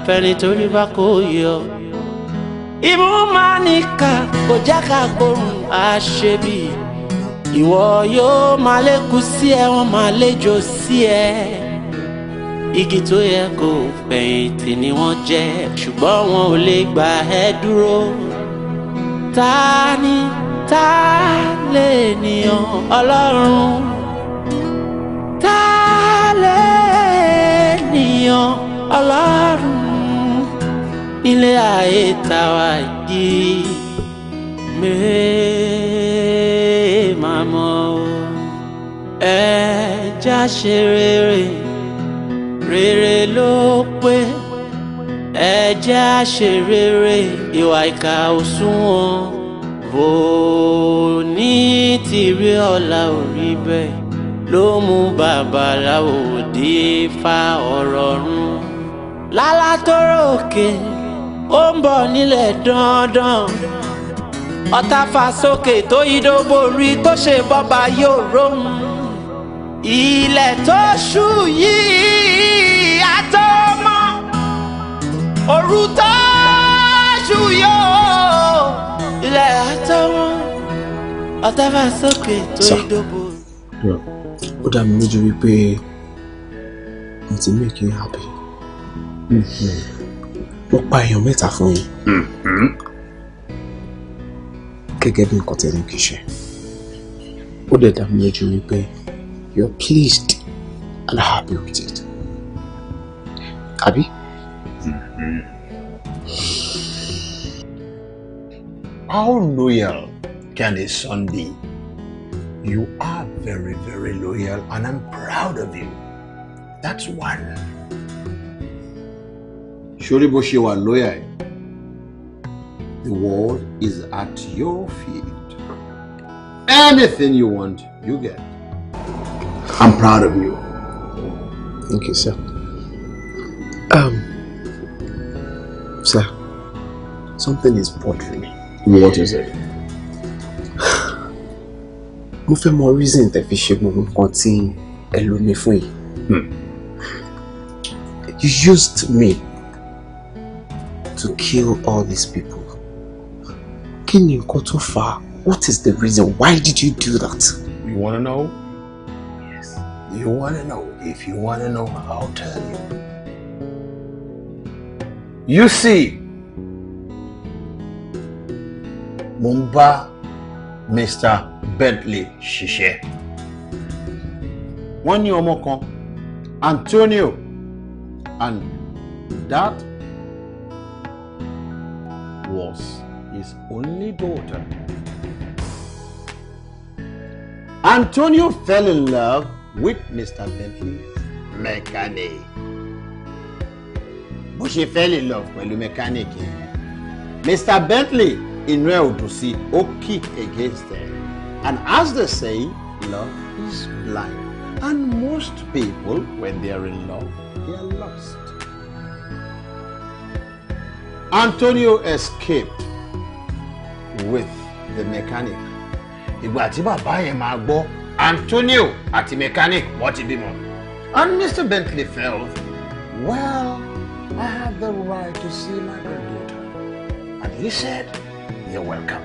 fẹ́ni torí bá kó yọ. ìmú máa níkà kò jẹ́ ká gbóhùn àṣebí ìwọ yóò máa lékun sí ẹ wọ́n máa léjò sí ẹ igi tó yẹ kó fẹ̀yìntì ni wọ́n jẹ ṣùgbọ́n wọn ò lè gbà ẹ́ dúró ta ni ta lè nìyàn ọlọ́run ta lè nìyàn ọlọ́run ilé ayé tá wà yìí mèé máa mọ o ẹ já ṣe rere rere ló pé ẹ já ṣe rere ìwà ìkà ò sunwọ̀n ní tìrí ọ̀la ò bẹ́ẹ̀ ló mú babaláwo dé fa ọ̀rọ̀ run lálá òkè. Okay ó ń bọ̀ nílẹ̀ dandan ọ̀tá fa sókè tó yídógbò rí tó ṣe bọ́ba yóò róhun ilẹ̀ tó ṣú yìí àtọ́mọ́ òru tó ṣú yóò ilẹ̀ àtọ́mọ́ ọ̀tá fa sókè tó yídógbò rí. ó dá mi lójú wípé mo ti make you happy. Mm-hmm. wọ́n pa èèyàn mẹ́ta fún yín mm-hmm. gẹ́gẹ́ bí nǹkan tẹ̀lé kìí ṣe ó dẹ̀ dá mi lójú wípé you are pleased and happy with it àbí. Mm-hmm. How loyal can a son be? You are very, very loyal, and I'm proud of you. That's one. Surely, bó ṣe wà lóyà ẹ the world is at your feet anything you want you get i'm proud of you. thank you sir. Um, sir something is bothering me. what is it. mo fẹ́ mọ reason tẹ́ fi ṣe gbogbo nǹkan tí ẹ lò fún yìí. Hmm. you used me to kill all these people? can you go too far? What is the reason? Why did you do that? You want to know? Yes. You want to know? If you want to know, I'll tell you. You see, Mumba, ń Mr. Bentley ṣiṣẹ́. Wọ́n ní ọmọ Antonio, and that his only daughter. Antonio fell in love with Mr. Bentley's mechanic. Bó ṣe fell in love pẹ̀lú mechanic yẹn. Mr. Bentley inú ẹ̀ ò dùn sí ó kick against them and as they say love is blind and most people when they are in love they are lost. Antonio escaped with the mechanic ìgbà tí bàbá yẹn máa gbọ́ Antonio àti mechanic wọ́n ti bímọ and Mr. Bentley felt well I have the right to see my granddaughter and he said you're welcome.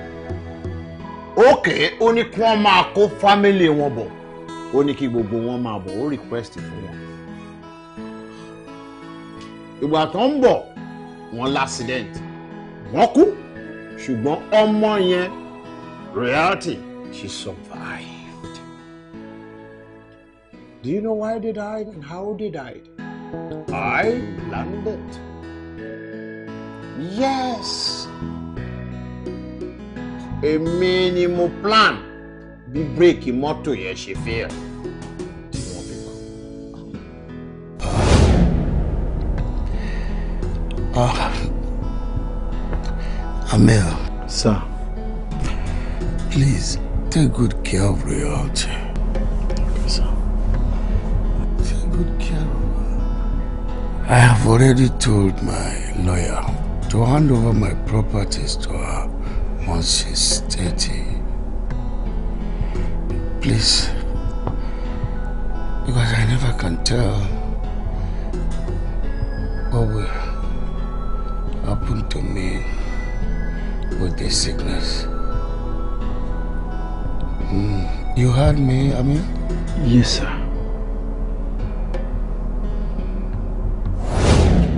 okay ó ní kí wọ́n máa kó fámìlì wọn bọ̀ ó ní kí gbogbo wọn máa bọ̀ ó request fún wọn. ìgbà tó ń bọ̀ wọ́n l'accident wọ́n kú ṣùgbọ́n ọmọ yẹn reality she survived. Do you know why they died and how they died? I landed. Yes. Èmi ni mo plan bí bírèkì mọ́tò yẹn ṣe fẹ́ẹ́. Amel. Sir. Please, take good care of Royalty. sir. Take good care of her. I have already told my lawyer to hand over my properties to her once she's 30. Please. Because I never can tell what will happen to me. with this sickness. Mm. You heard me, Amir? Yes, sir.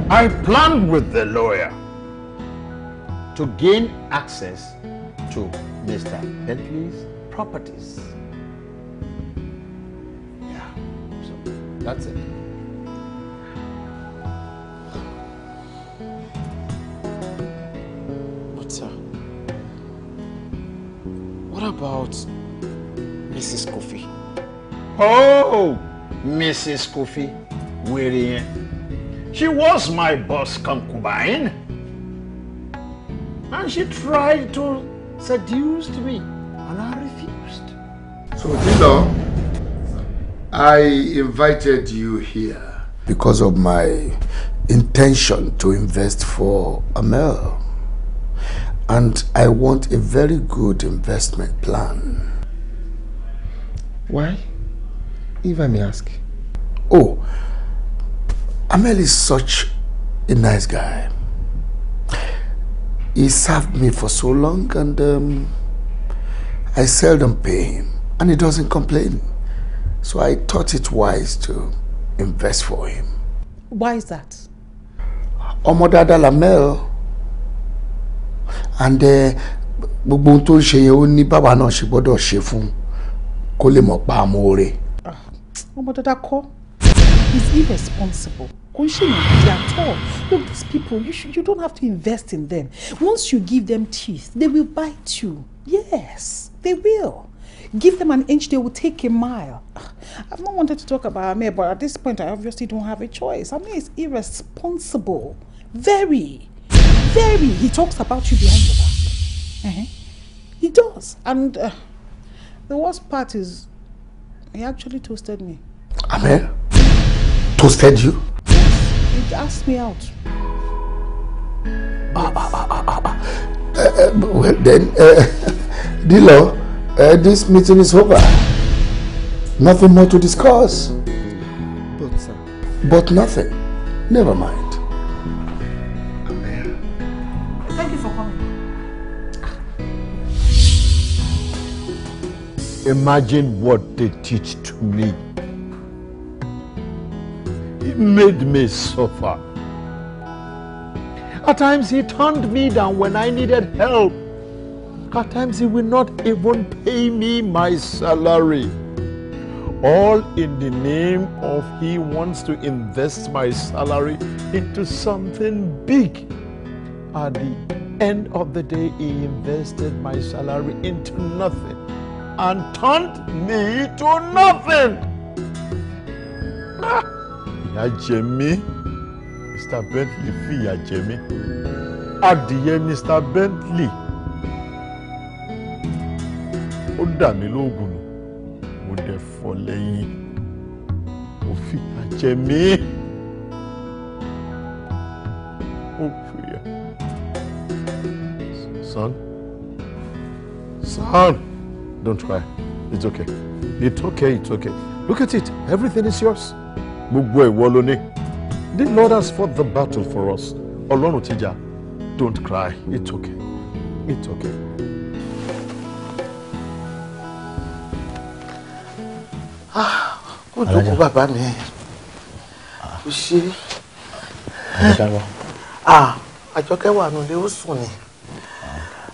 I planned with the lawyer to gain access to Mr. Bentley's properties. Yeah, so that's it. about Mrs. Kofi? Oh, Mrs. Kofi, wèrè yẹn. She was my boss concubine and she tried to seduce me and I refused. So, Dilo, I invited you here because of my intention to invest for Amel and I want a very good investment plan. Why? If I may ask. Oh, Amel is such a nice guy. He served me for so long and um, I seldom pay him and he doesn't complain. So I thought it wise to invest for him. Why is that? Ọmọ dada Lamel and eh, gbogbo ohun tó ń ṣe yẹn ó ní bàbá náà ṣe gbọ́dọ̀ ṣe fún kó lè mọ̀ pa amóore. Ah, ọmọ dada kọ́ he's irresponsible kò ń ṣe ìrìnàjò at all look these people you, should, you don't have to invest in them once you give them teeth they will bite you yes they will. Give them an inch, they will take a mile. Ah, I've not wanted to talk about Amir, but at this point, I obviously don't have a choice. Amir is irresponsible. Very. Very. He talks about you behind your back. Uh -huh. He does. And uh, the worst part is he actually toasted me. Amen. Toasted you? Yes, he asked me out. Ah, yes. ah, ah, ah, ah. Uh, uh, well then, uh, Dilo, uh, this meeting is over. Nothing more to discuss. But sir. But nothing. Never mind. imagine what they teach to me. It made me suffer. At times he turned me down when I needed help. At times he would not even pay me my salary. All in the name of he wants to invest my salary into something big. At the end of the day, he invested my salary into nothing. and turned me to nothing. ìyà jẹ mí Mr. Bentley fi fìyà jẹ mí adìyẹ Mr. Bentley ó dà mí lóògùn nù mo dẹ̀ fọ́ lẹ́yìn ó fìyà jẹ mí ó fìyà son son don't cry it's okay it's okay it's okay look at it everything is yours gbogbo ìwọ ló ní the lord has fought the battle for us ọlọ́run ti don't cry it's okay it's okay. Ah, ó dúkú bàbá mi kò ṣe ah, àjọkẹ́ wà nílé ó sùn ni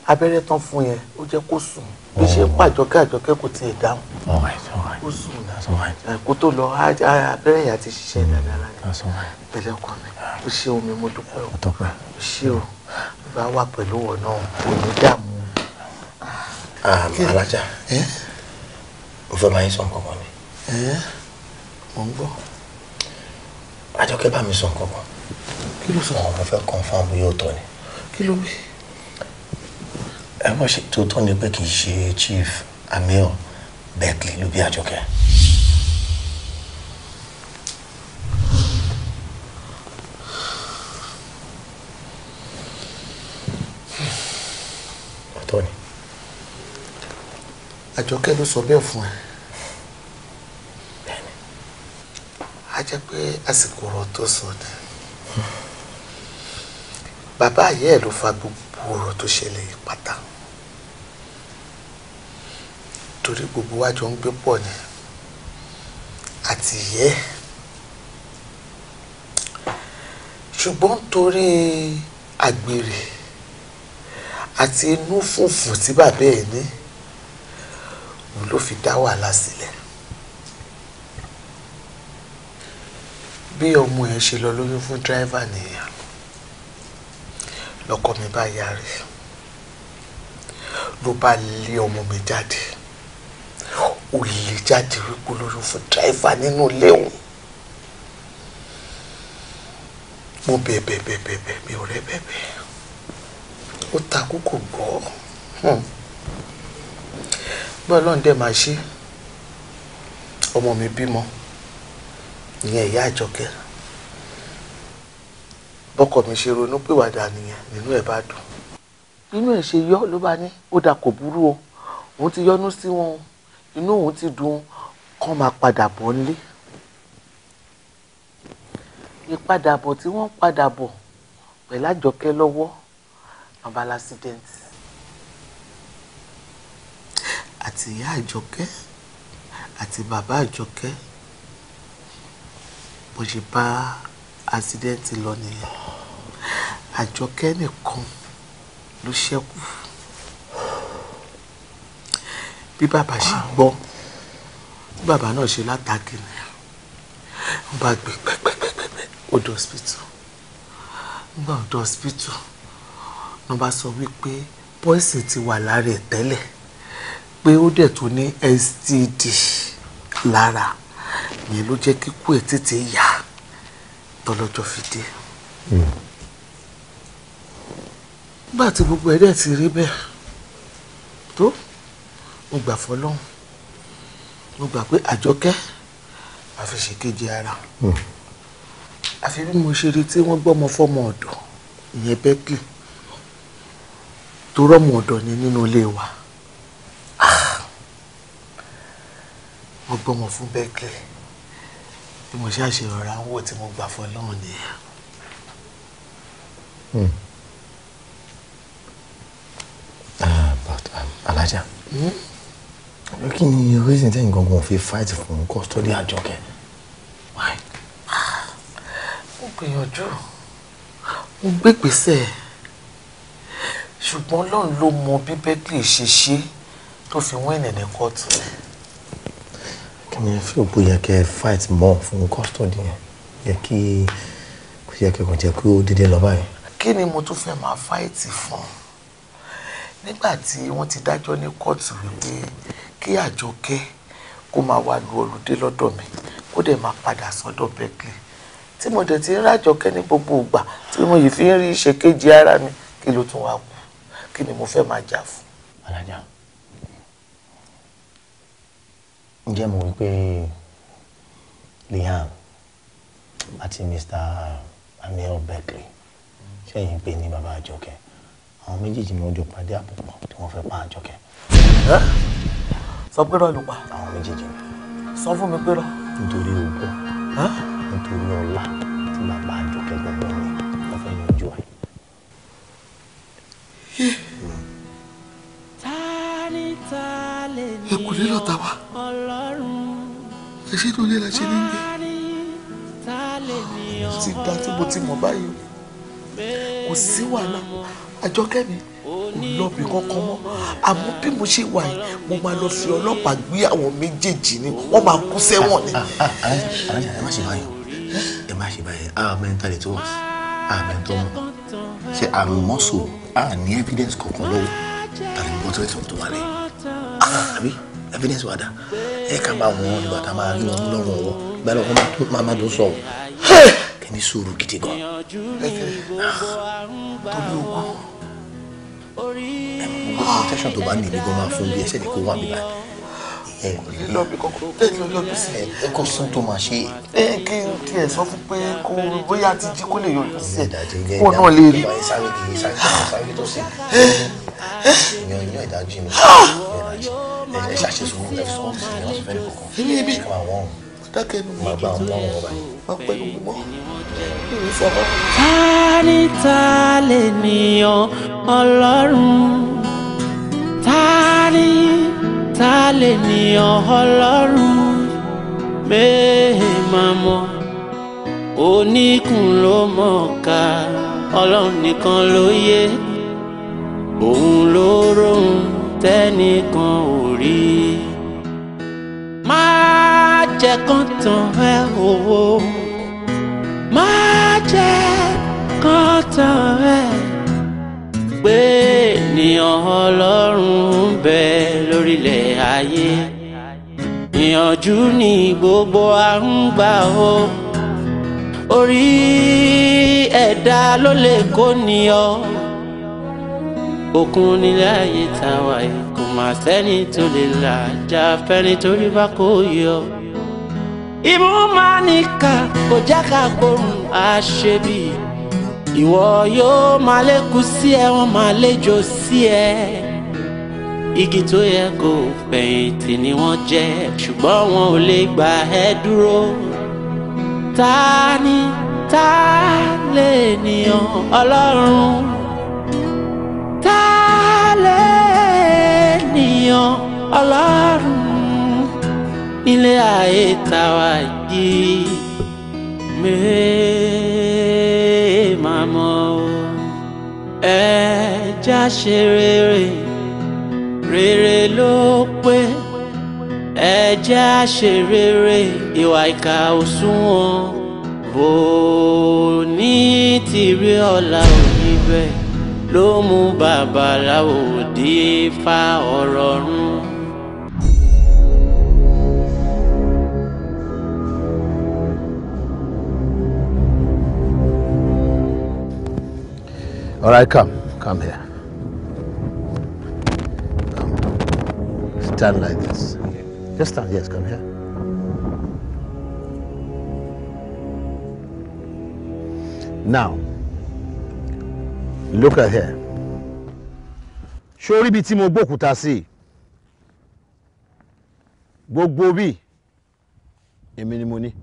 abẹ́rẹ́ tán fún yẹn ó jẹ́ kó sùn bí ṣe pàjọkẹ́ àjọkẹ́ kò tiẹ̀ dáhùn ó sùn náà kó tó lọ abẹ́rẹ́ yà ti ṣiṣẹ́ dáadáa pẹ̀lẹ́ ọkọ mi ó ṣe omi mo dúpẹ́ o ó ṣe o bá wà pẹ̀lú wọn náà kò ní dààmú. Ah, alájà mo fẹ́ máa yín sọ nǹkan kan ni. mo ń gbọ́. àjọkẹ́ bá mi sọ nǹkan kan. kí ló sọ. mo fẹ́ confirm bóyá ó tọ́ ni. kí ló wí ẹ mọ̀ ṣe tó tán ni pé kì í ṣe chief amir Berkeley ló bí àjọkẹ́. tọ́ni. àjọkẹ́ ló sọ bẹ́ẹ̀ fún ẹ. a jẹ́ pé àsìkò ọ̀rọ̀ tó sọ ni. bàbá àyẹ́ ẹ̀ ló fa gbogbo ọ̀rọ̀ tó ṣẹlẹ̀ pátá. torí gbogbo wa jọ ń gbé pọ̀ ni àti yẹ́ ṣùgbọ́n torí àgbèrè àti inú fùfù tí bàbá ẹ̀ ní òun ló fi dá wàhálà sílẹ̀ bí ọmọ ẹ̀ ṣe lọ lóyún fún dírẹ́fà nìyẹn lọ́kọ mi bá yarí ló bá lé ọmọ mi jáde ò lè jáde wípé lórí fún dráìvà nínú ilé òun mo bẹ̀bẹ̀ bẹ̀bẹ̀ bẹ̀bẹ̀ ọ̀rẹ́ bẹ̀bẹ̀ ó takú kò gbọ́ hmm. bí ọlọ́run dẹ̀ máa ṣe ọmọ mi bímọ ìyẹn ìyá àjọkẹ́ bọ́kọ mi ṣe ronú pìwàdà nìyẹn nínú ẹ̀ bá dùn nínú ẹ̀ ṣe yọ́ ló bá ní ó dà kò burú o òun ti yọ́nú sí wọn o inú òun ti dùn kán máa padà bọ̀ nílé ìpadàbọ̀ tí wọ́n padà bọ̀ pẹ̀lú àjọkẹ́ lọ́wọ́ abala accident. àti ìyá àjọkẹ́ àti bàbá àjọkẹ́ bó ṣe bá accident lọ nìyẹn àjọkẹ́ nìkan ló ṣẹ́kù bí bàbá ṣe gbọ́ bí bàbá náà ṣe látàkì ni wọ́n bá gbé pẹ́pẹ́pẹ́pẹ́ ó hospital nígbà ó dé hospital wọ́n bá sọ wípé poison ti wà lára ẹ̀ tẹ́lẹ̀ pé ó dẹ̀ tó ní STD lára yẹn ló jẹ́ kíkú ẹ̀ tètè yá tọ́lọ́jọ́ fi dé. Hmm. nígbà tí gbogbo ẹ̀ dẹ̀ ti rí bẹ́ẹ̀ tó mo gbà fọlọ́hún mo gbà pé àjọkẹ́ àfẹsẹ̀kejì ara àfi hmm. bí mo ṣe rí tí wọ́n gbọ́mọ fọ́mọ ọ̀dọ̀ ìyẹn bẹ́kì tó rọ́mọ ọ̀dọ̀ ni nínú ilé wa ah! mo gbọ́mọ fún bẹ́kì bí mo ṣe àṣeyọra ń wò tí mo gbà fọlọ́hún nìyẹn. Hmm. Uh, but um, Alaja. Hmm? kí ni reason tẹ́yìn gangan fi fight fún custody àjọkẹ́ why. mo gbìyànjú mo gbégbèsè ṣùgbọ́n lọ́n ló mọ bí Beckley ṣe ṣe tó fi wọ́n ìnẹ̀nẹ̀ kóòtù. kí ni fi òpó yẹ kẹ fight mọ́ fún custody yẹn yẹ kí kò yẹ kẹ kàn jẹ́ kó dédé lọ báyìí. kí ni mo tún fẹ́ máa fight fún nígbà tí wọ́n ti dájọ́ ní kóòtù wípé kí àjọkẹ́ kó máa wá lu olùdé lọ́dọ̀ mi kó dẹ̀ máa padà sọ́dọ̀ Berkeley tí mo dẹ̀ ti ń rájọkẹ́ ní gbogbo ìgbà tí mo yìí fi ń rí ṣe kejì ara mi kí ló tún wá kú kí ni mo fẹ́ máa jà fún. alájà ǹjẹ́ mo wí pé liam àti mr amir Berkeley sẹ́yìn pé ní bàbá àjọkẹ́ àwọn méjèèjì ni wọ́n jọ pàdé àpòpọ̀ tí wọ́n fẹ́ pa àjọkẹ́ sọ pé rọ ló pa. àwọn méjèèjì ni. sọ fún mi pé rọ. nítorí ogún nítorí ọlá tí bàbá àjọkẹ́ gbọ́dọ̀ ní wọ́n fẹ́ yanjú ẹ̀. ẹ kò lè lọ́ta wa ẹ ṣe tó lé la ṣe ní gbé ti dá tí mo ti mọ̀ báyìí kò sí wàhálà àjọkẹ́ mi lọ́bì kankan mọ́ àmọ́ bí mo ṣe wà yìí mo máa lọ fi ọlọ́pàá gbé àwọn méjèèjì ni wọ́n máa kú sẹ́wọ̀n ni. ẹ má ṣe báyìí ẹ má ṣe báyìí a mẹ́ntàlì tó wà a mẹ́ntọ́ mọ́ ṣe àrùn mọ́sù a ní evidence kankan lọ́wọ́ tàbí portrait of tomale àbí evidence wà dá ẹ ká máa wọ́n nígbà tá a máa rí wọn lọ́rùn ọwọ́ gbẹ́rẹ́ wọn máa máa dún sọ̀rọ̀ kẹ́mi sùúrù gidi gan. tóbi ogun tẹsán tó bá níbi gan máa fún bí ẹsẹ ní kó wà mí báyìí. ẹ lọ́bì kọ́kọ́ ẹ sí. ẹ kò sún tó máa ṣe. ẹ kí n tiẹ̀ sọ fún pé kó bóyá ti jí kó lè yọjú sí ẹ kó náà lè rí. Ah! ẹ sáré kì ẹ sáré tó sí. ẹ ṣàṣeṣe owó ẹ sọ ọ́ ẹ wọ́n dákẹ́ nu mọ́ bá mọ́ wọn báyìí wọ́n pẹ́ nu mọ́ èmi fọwọ́. ta ni ta lè nìyàn ọlọ́run ta ni ta lè nìyàn ọlọ́run mẹ́ẹ̀ẹ́mà mọ́ oníkùn ló mọ̀ ká ọlọ́run nìkan ló yé òun ló rohun tẹ́nìkan ò rí. máa jẹ́ kán tàn ẹ́ o má jẹ́ kán tàn ẹ́ pé ènìyàn ọlọ́run ń bẹ lórílẹ̀ ayé ìyànjú ni gbogbo à ń gbà o orí ẹ̀dá ló lè kó nìyàn òkun nílé ayé tá a wáyé kò má sẹ́ni tó lè là já fẹ́ni torí bá kó yọ ìmú manika, nìkà kò jẹ́ ká gbóhùn àṣebí ìwọ yóò máa lékun sí ẹ wọn máa léjò sí ẹ igi tó yẹ kó fẹ̀yìntì ni wọ́n jẹ́ ṣùgbọ́n wọn ò lè gbà ẹ́ dúró ta ni ta lè nìyàn ọlọ́run ta lè nìyàn ọlọ́run nílé ayé tá wà yìí mèé máa mọ̀ o ẹ já ṣe rere rere ló pé ẹ já ṣe rere ìwà ìkà ò sunwọ̀n bò ní tìrí ọ̀la òní bẹ́ẹ̀ ló mú babaláwo dífá ọ̀rọ̀ run. All right, come. Come here. Come. Stand like this. Just stand. Yes, come here. Now, look at here. Ṣé orí ibi mo gbókúta sí? Gbogbo bí èmi ni mo ní.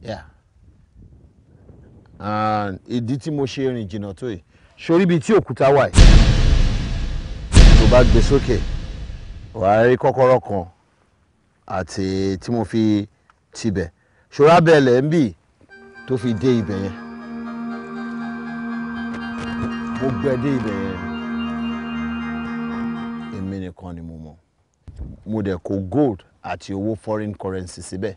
Yeah ìdí tí mo ṣe rìn jìnnà tó yìí sórí ibi tí òkúta wà yìí tó bá gbé sókè wàá rí kọ́kọ́rọ́ kan àti tí mo fi tibẹ̀ ṣọ́ra bẹ́ẹ̀ lẹ́ ń bì tó fi dé ibẹ̀ yẹn mo gbẹ dé ibẹ̀ yẹn èmi nìkan ni mo mọ̀ mo dẹ̀ kó gold àti owó foreign currency síbẹ̀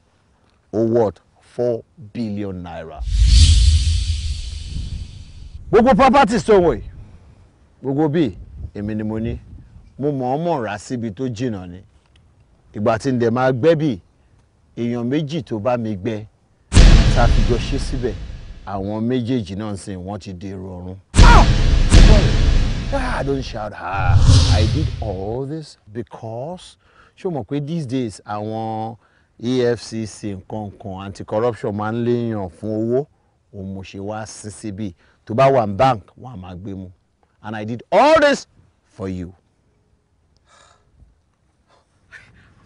ó worth four billion naira gbogbo properties tó wọ̀nyí gbogbo bíi èmi ni mo ní mo mọ̀ọ́mọ̀ rà síbi tó jìnnà ni ìgbà tí n máa gbẹ́ bíi èèyàn méjì tó bá mi gbẹ́ tá a fi jọ ṣe síbẹ̀ àwọn méjèèjì náà sìn wọ́n ti dèrò ọ̀run. Ah! ah, don't shout ah I did all this because ṣé o mọ̀ pé these days àwọn EFCC nǹkan kan anti-corruption máa ń léèyàn fún owó òun mo ṣe wá sí síbí tó bá wà ní bank wọn á gbé mu and I did all this for you.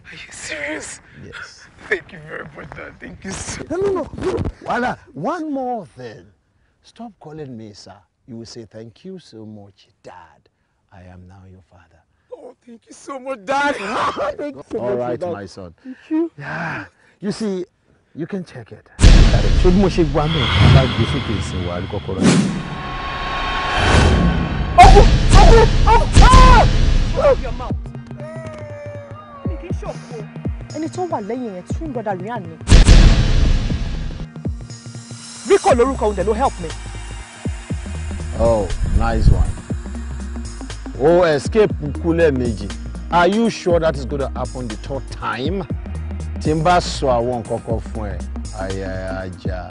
Are you serious? Yes. Thank you very much, Dad. Thank you so much. No, no, no. Wala, one more thing. Stop calling me, sir. You will say, thank you so much, Dad. I am now your father. Oh, thank you so much, Dad. thank you so All much, right, my son. Thank you. Yeah. You see, you can check it ṣé bí mo ṣe gba náà bá gbé sókè ìsìn wà á rí ah! ẹni tó wà lẹ́yìn yẹn twin brother Ryan ni. rico lórúkọ òun ló help me. oh nice one. o oh, escape kú lẹ́ẹ̀mejì are you sure that is gonna happen the third time? tí n bá sọ àwọn nǹkan kan fún ẹ ayára ajá.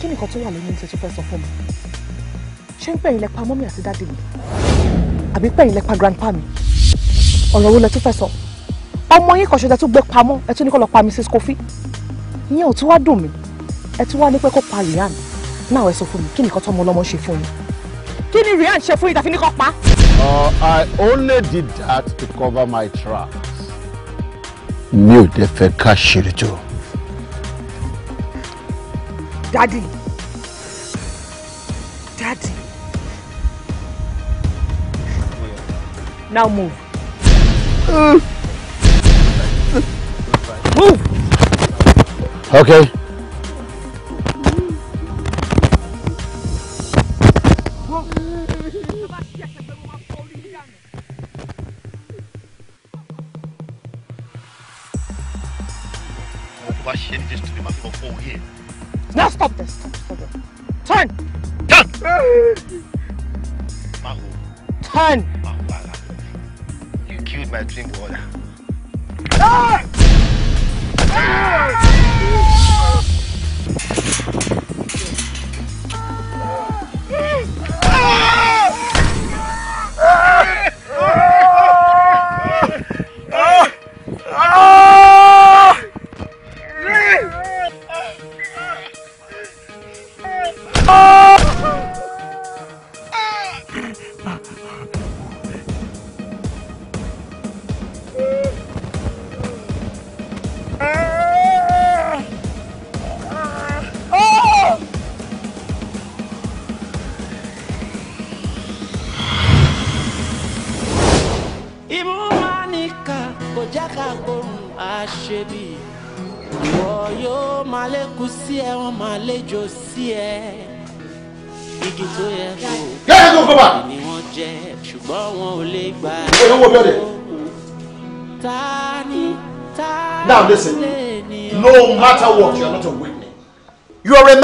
kí nìkan tó wà lóyún tó fẹ́ sọ fún mi ṣé ń pẹ̀yìn lẹ́pa mọ́mí àti dáàdì mi àbí pẹ̀yìn lẹ́pa grandpa mi ọ̀rọ̀ wo lẹ tún fẹ́ sọ ọmọ yín kan ṣoṣo tó gbé pamọ́ ẹ tún ní kó lọ pa Mrs. Kofi ìyẹn ò tún wá dùn mí ẹ tún wá ní pé kó pa Ryan náà ẹ sọ fún mi kí nìkan tó ọmọ ọlọ́mọ ṣe fún yín kí ni Ryan ṣe fún yín tàfi ní kó pa. Uh, I only did that to cover my tracks mi ò dé fẹ́ ká ṣeré tó. dadi dadi now move. Mm. move. okay.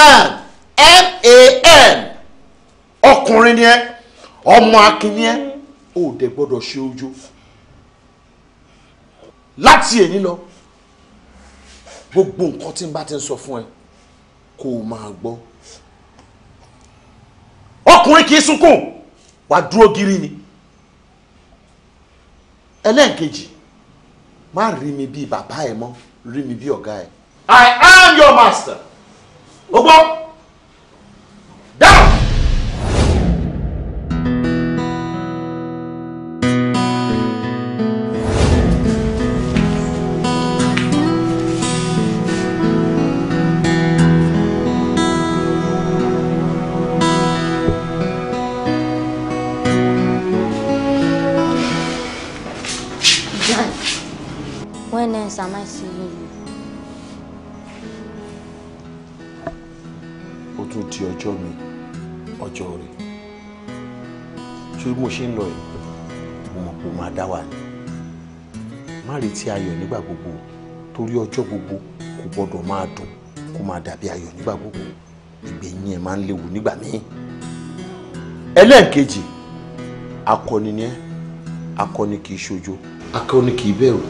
man m-a-n ọkùnrin ni ẹ ọmọ akin ni ẹ ò dẹ̀ gbọ́dọ̀ ṣe ojú láti èyí lọ gbogbo nǹkan tí n bá ti ń sọ fún ẹ kó o máa gbọ́ ọkùnrin kì í sunkún wà dúró gírí ni ẹlẹ́ǹkejì má rí mi bíi bàbá ẹ mọ́ rí mi bíi ọ̀gá ẹ. I am your master ó pé bó ṣe ń lọ yìí mo mọ̀ pé o máa dá wà ní má retí ayọ̀ nígbà gbogbo torí ọjọ́ gbogbo kò gbọ́dọ̀ máa dùn kó máa dàbí ayọ̀ nígbà gbogbo ìgbẹ̀yìn ẹ̀ máa ń léwu nígbà míì ẹlẹ́ǹkejì akọni ni ẹ́ akọni kì í ṣojo akọni kì í bẹ̀rù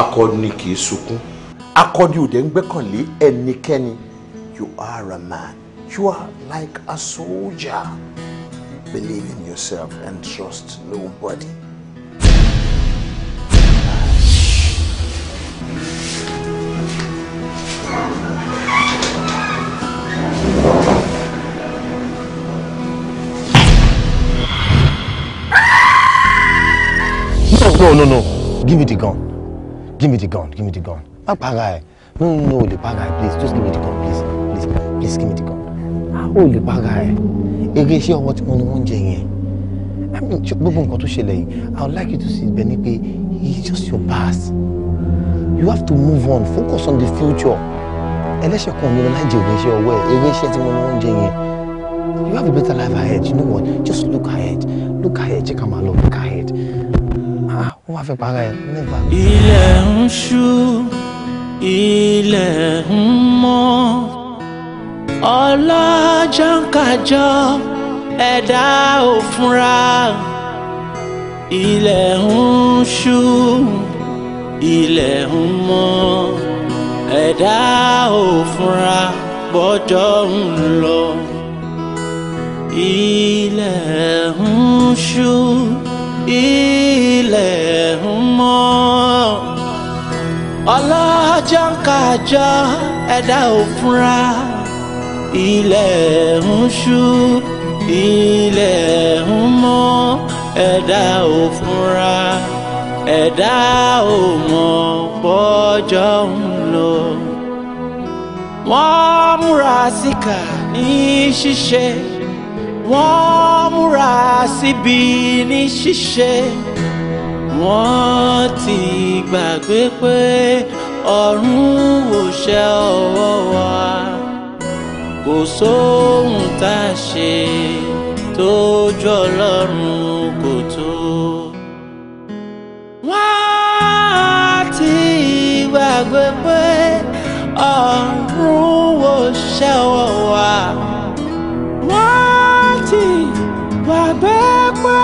akọni kì í sunkún akọni ò dẹ̀ ń gbẹ́kànlé ẹnikẹ́ni you are a man you are like a soldier believe in yourself and trust nobody. No, no, no. no! Give me the gun. Give me the gun. Give me the gun. Má para No, no, no, le para Please, just give me the gun, please. Please, please, give me the gun. Ó lè para ẹ̀ eré iṣẹ́ ọwọ́ tí wọ́n ní wọ́n ń jẹ yẹn gbogbo nǹkan tó ṣẹlẹ̀ yìí I would like you to see bẹ́ẹ̀ ni pé it's just your past you have to move on focus on the future ẹlẹ́ṣẹ̀ kan mi lọ láì jẹ ìrẹsẹ̀ ọwọ́ ẹ̀ eré iṣẹ́ tí wọ́n ní wọ́n yẹn you have a better life ahead you know what just look ahead look ahead check am out look ahead ah wọ́n wá fẹ́ para ẹ̀ never. ilẹ̀ ń ṣú ilẹ̀ ń mọ́ ọlọ́jọ́ ń kájọ ẹ̀dá ò fúnra ilẹ̀ ń ṣú ilẹ̀ ń mọ́ ẹ̀dá ò fúnra bọ́jọ́ ń lọ ilẹ̀ ń ṣú ilẹ̀ ń mọ́ ọlọ́jọ́ ń kájọ ẹ̀dá ò fúnra ilẹ̀ ń ṣú ilẹ̀ ń mọ́ ẹ̀dá ò fura ẹ̀dá ò mọ̀ pọ́jọ́ ń lọ. wọ́n múra síkà ní ṣíṣe wọ́n múra síbi ní ṣíṣe wọ́n ti gbàgbé pé ọ̀run ò ṣe ọwọ́ wa kò sóhun tá a ṣe tójú ọlọ́run kò tó. wọ́n ti gbàgbé pé ọ̀run wò ṣẹ́wọ̀ wá. wọ́n ti gbàgbé pé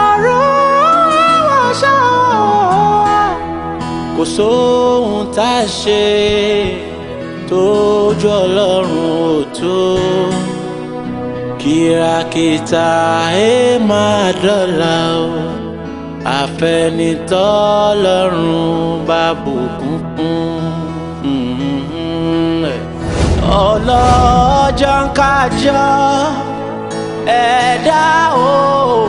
ọ̀run wò ṣẹ́wọ̀ wá. kò sóhun tá a ṣe tójú ọlọ́run kìràkìtà ẹ máa dọ́là o àfẹnitọ́lọ́run bá bùkún fún ọlọ́jọ́ ń kájọ́ ẹ̀dá o.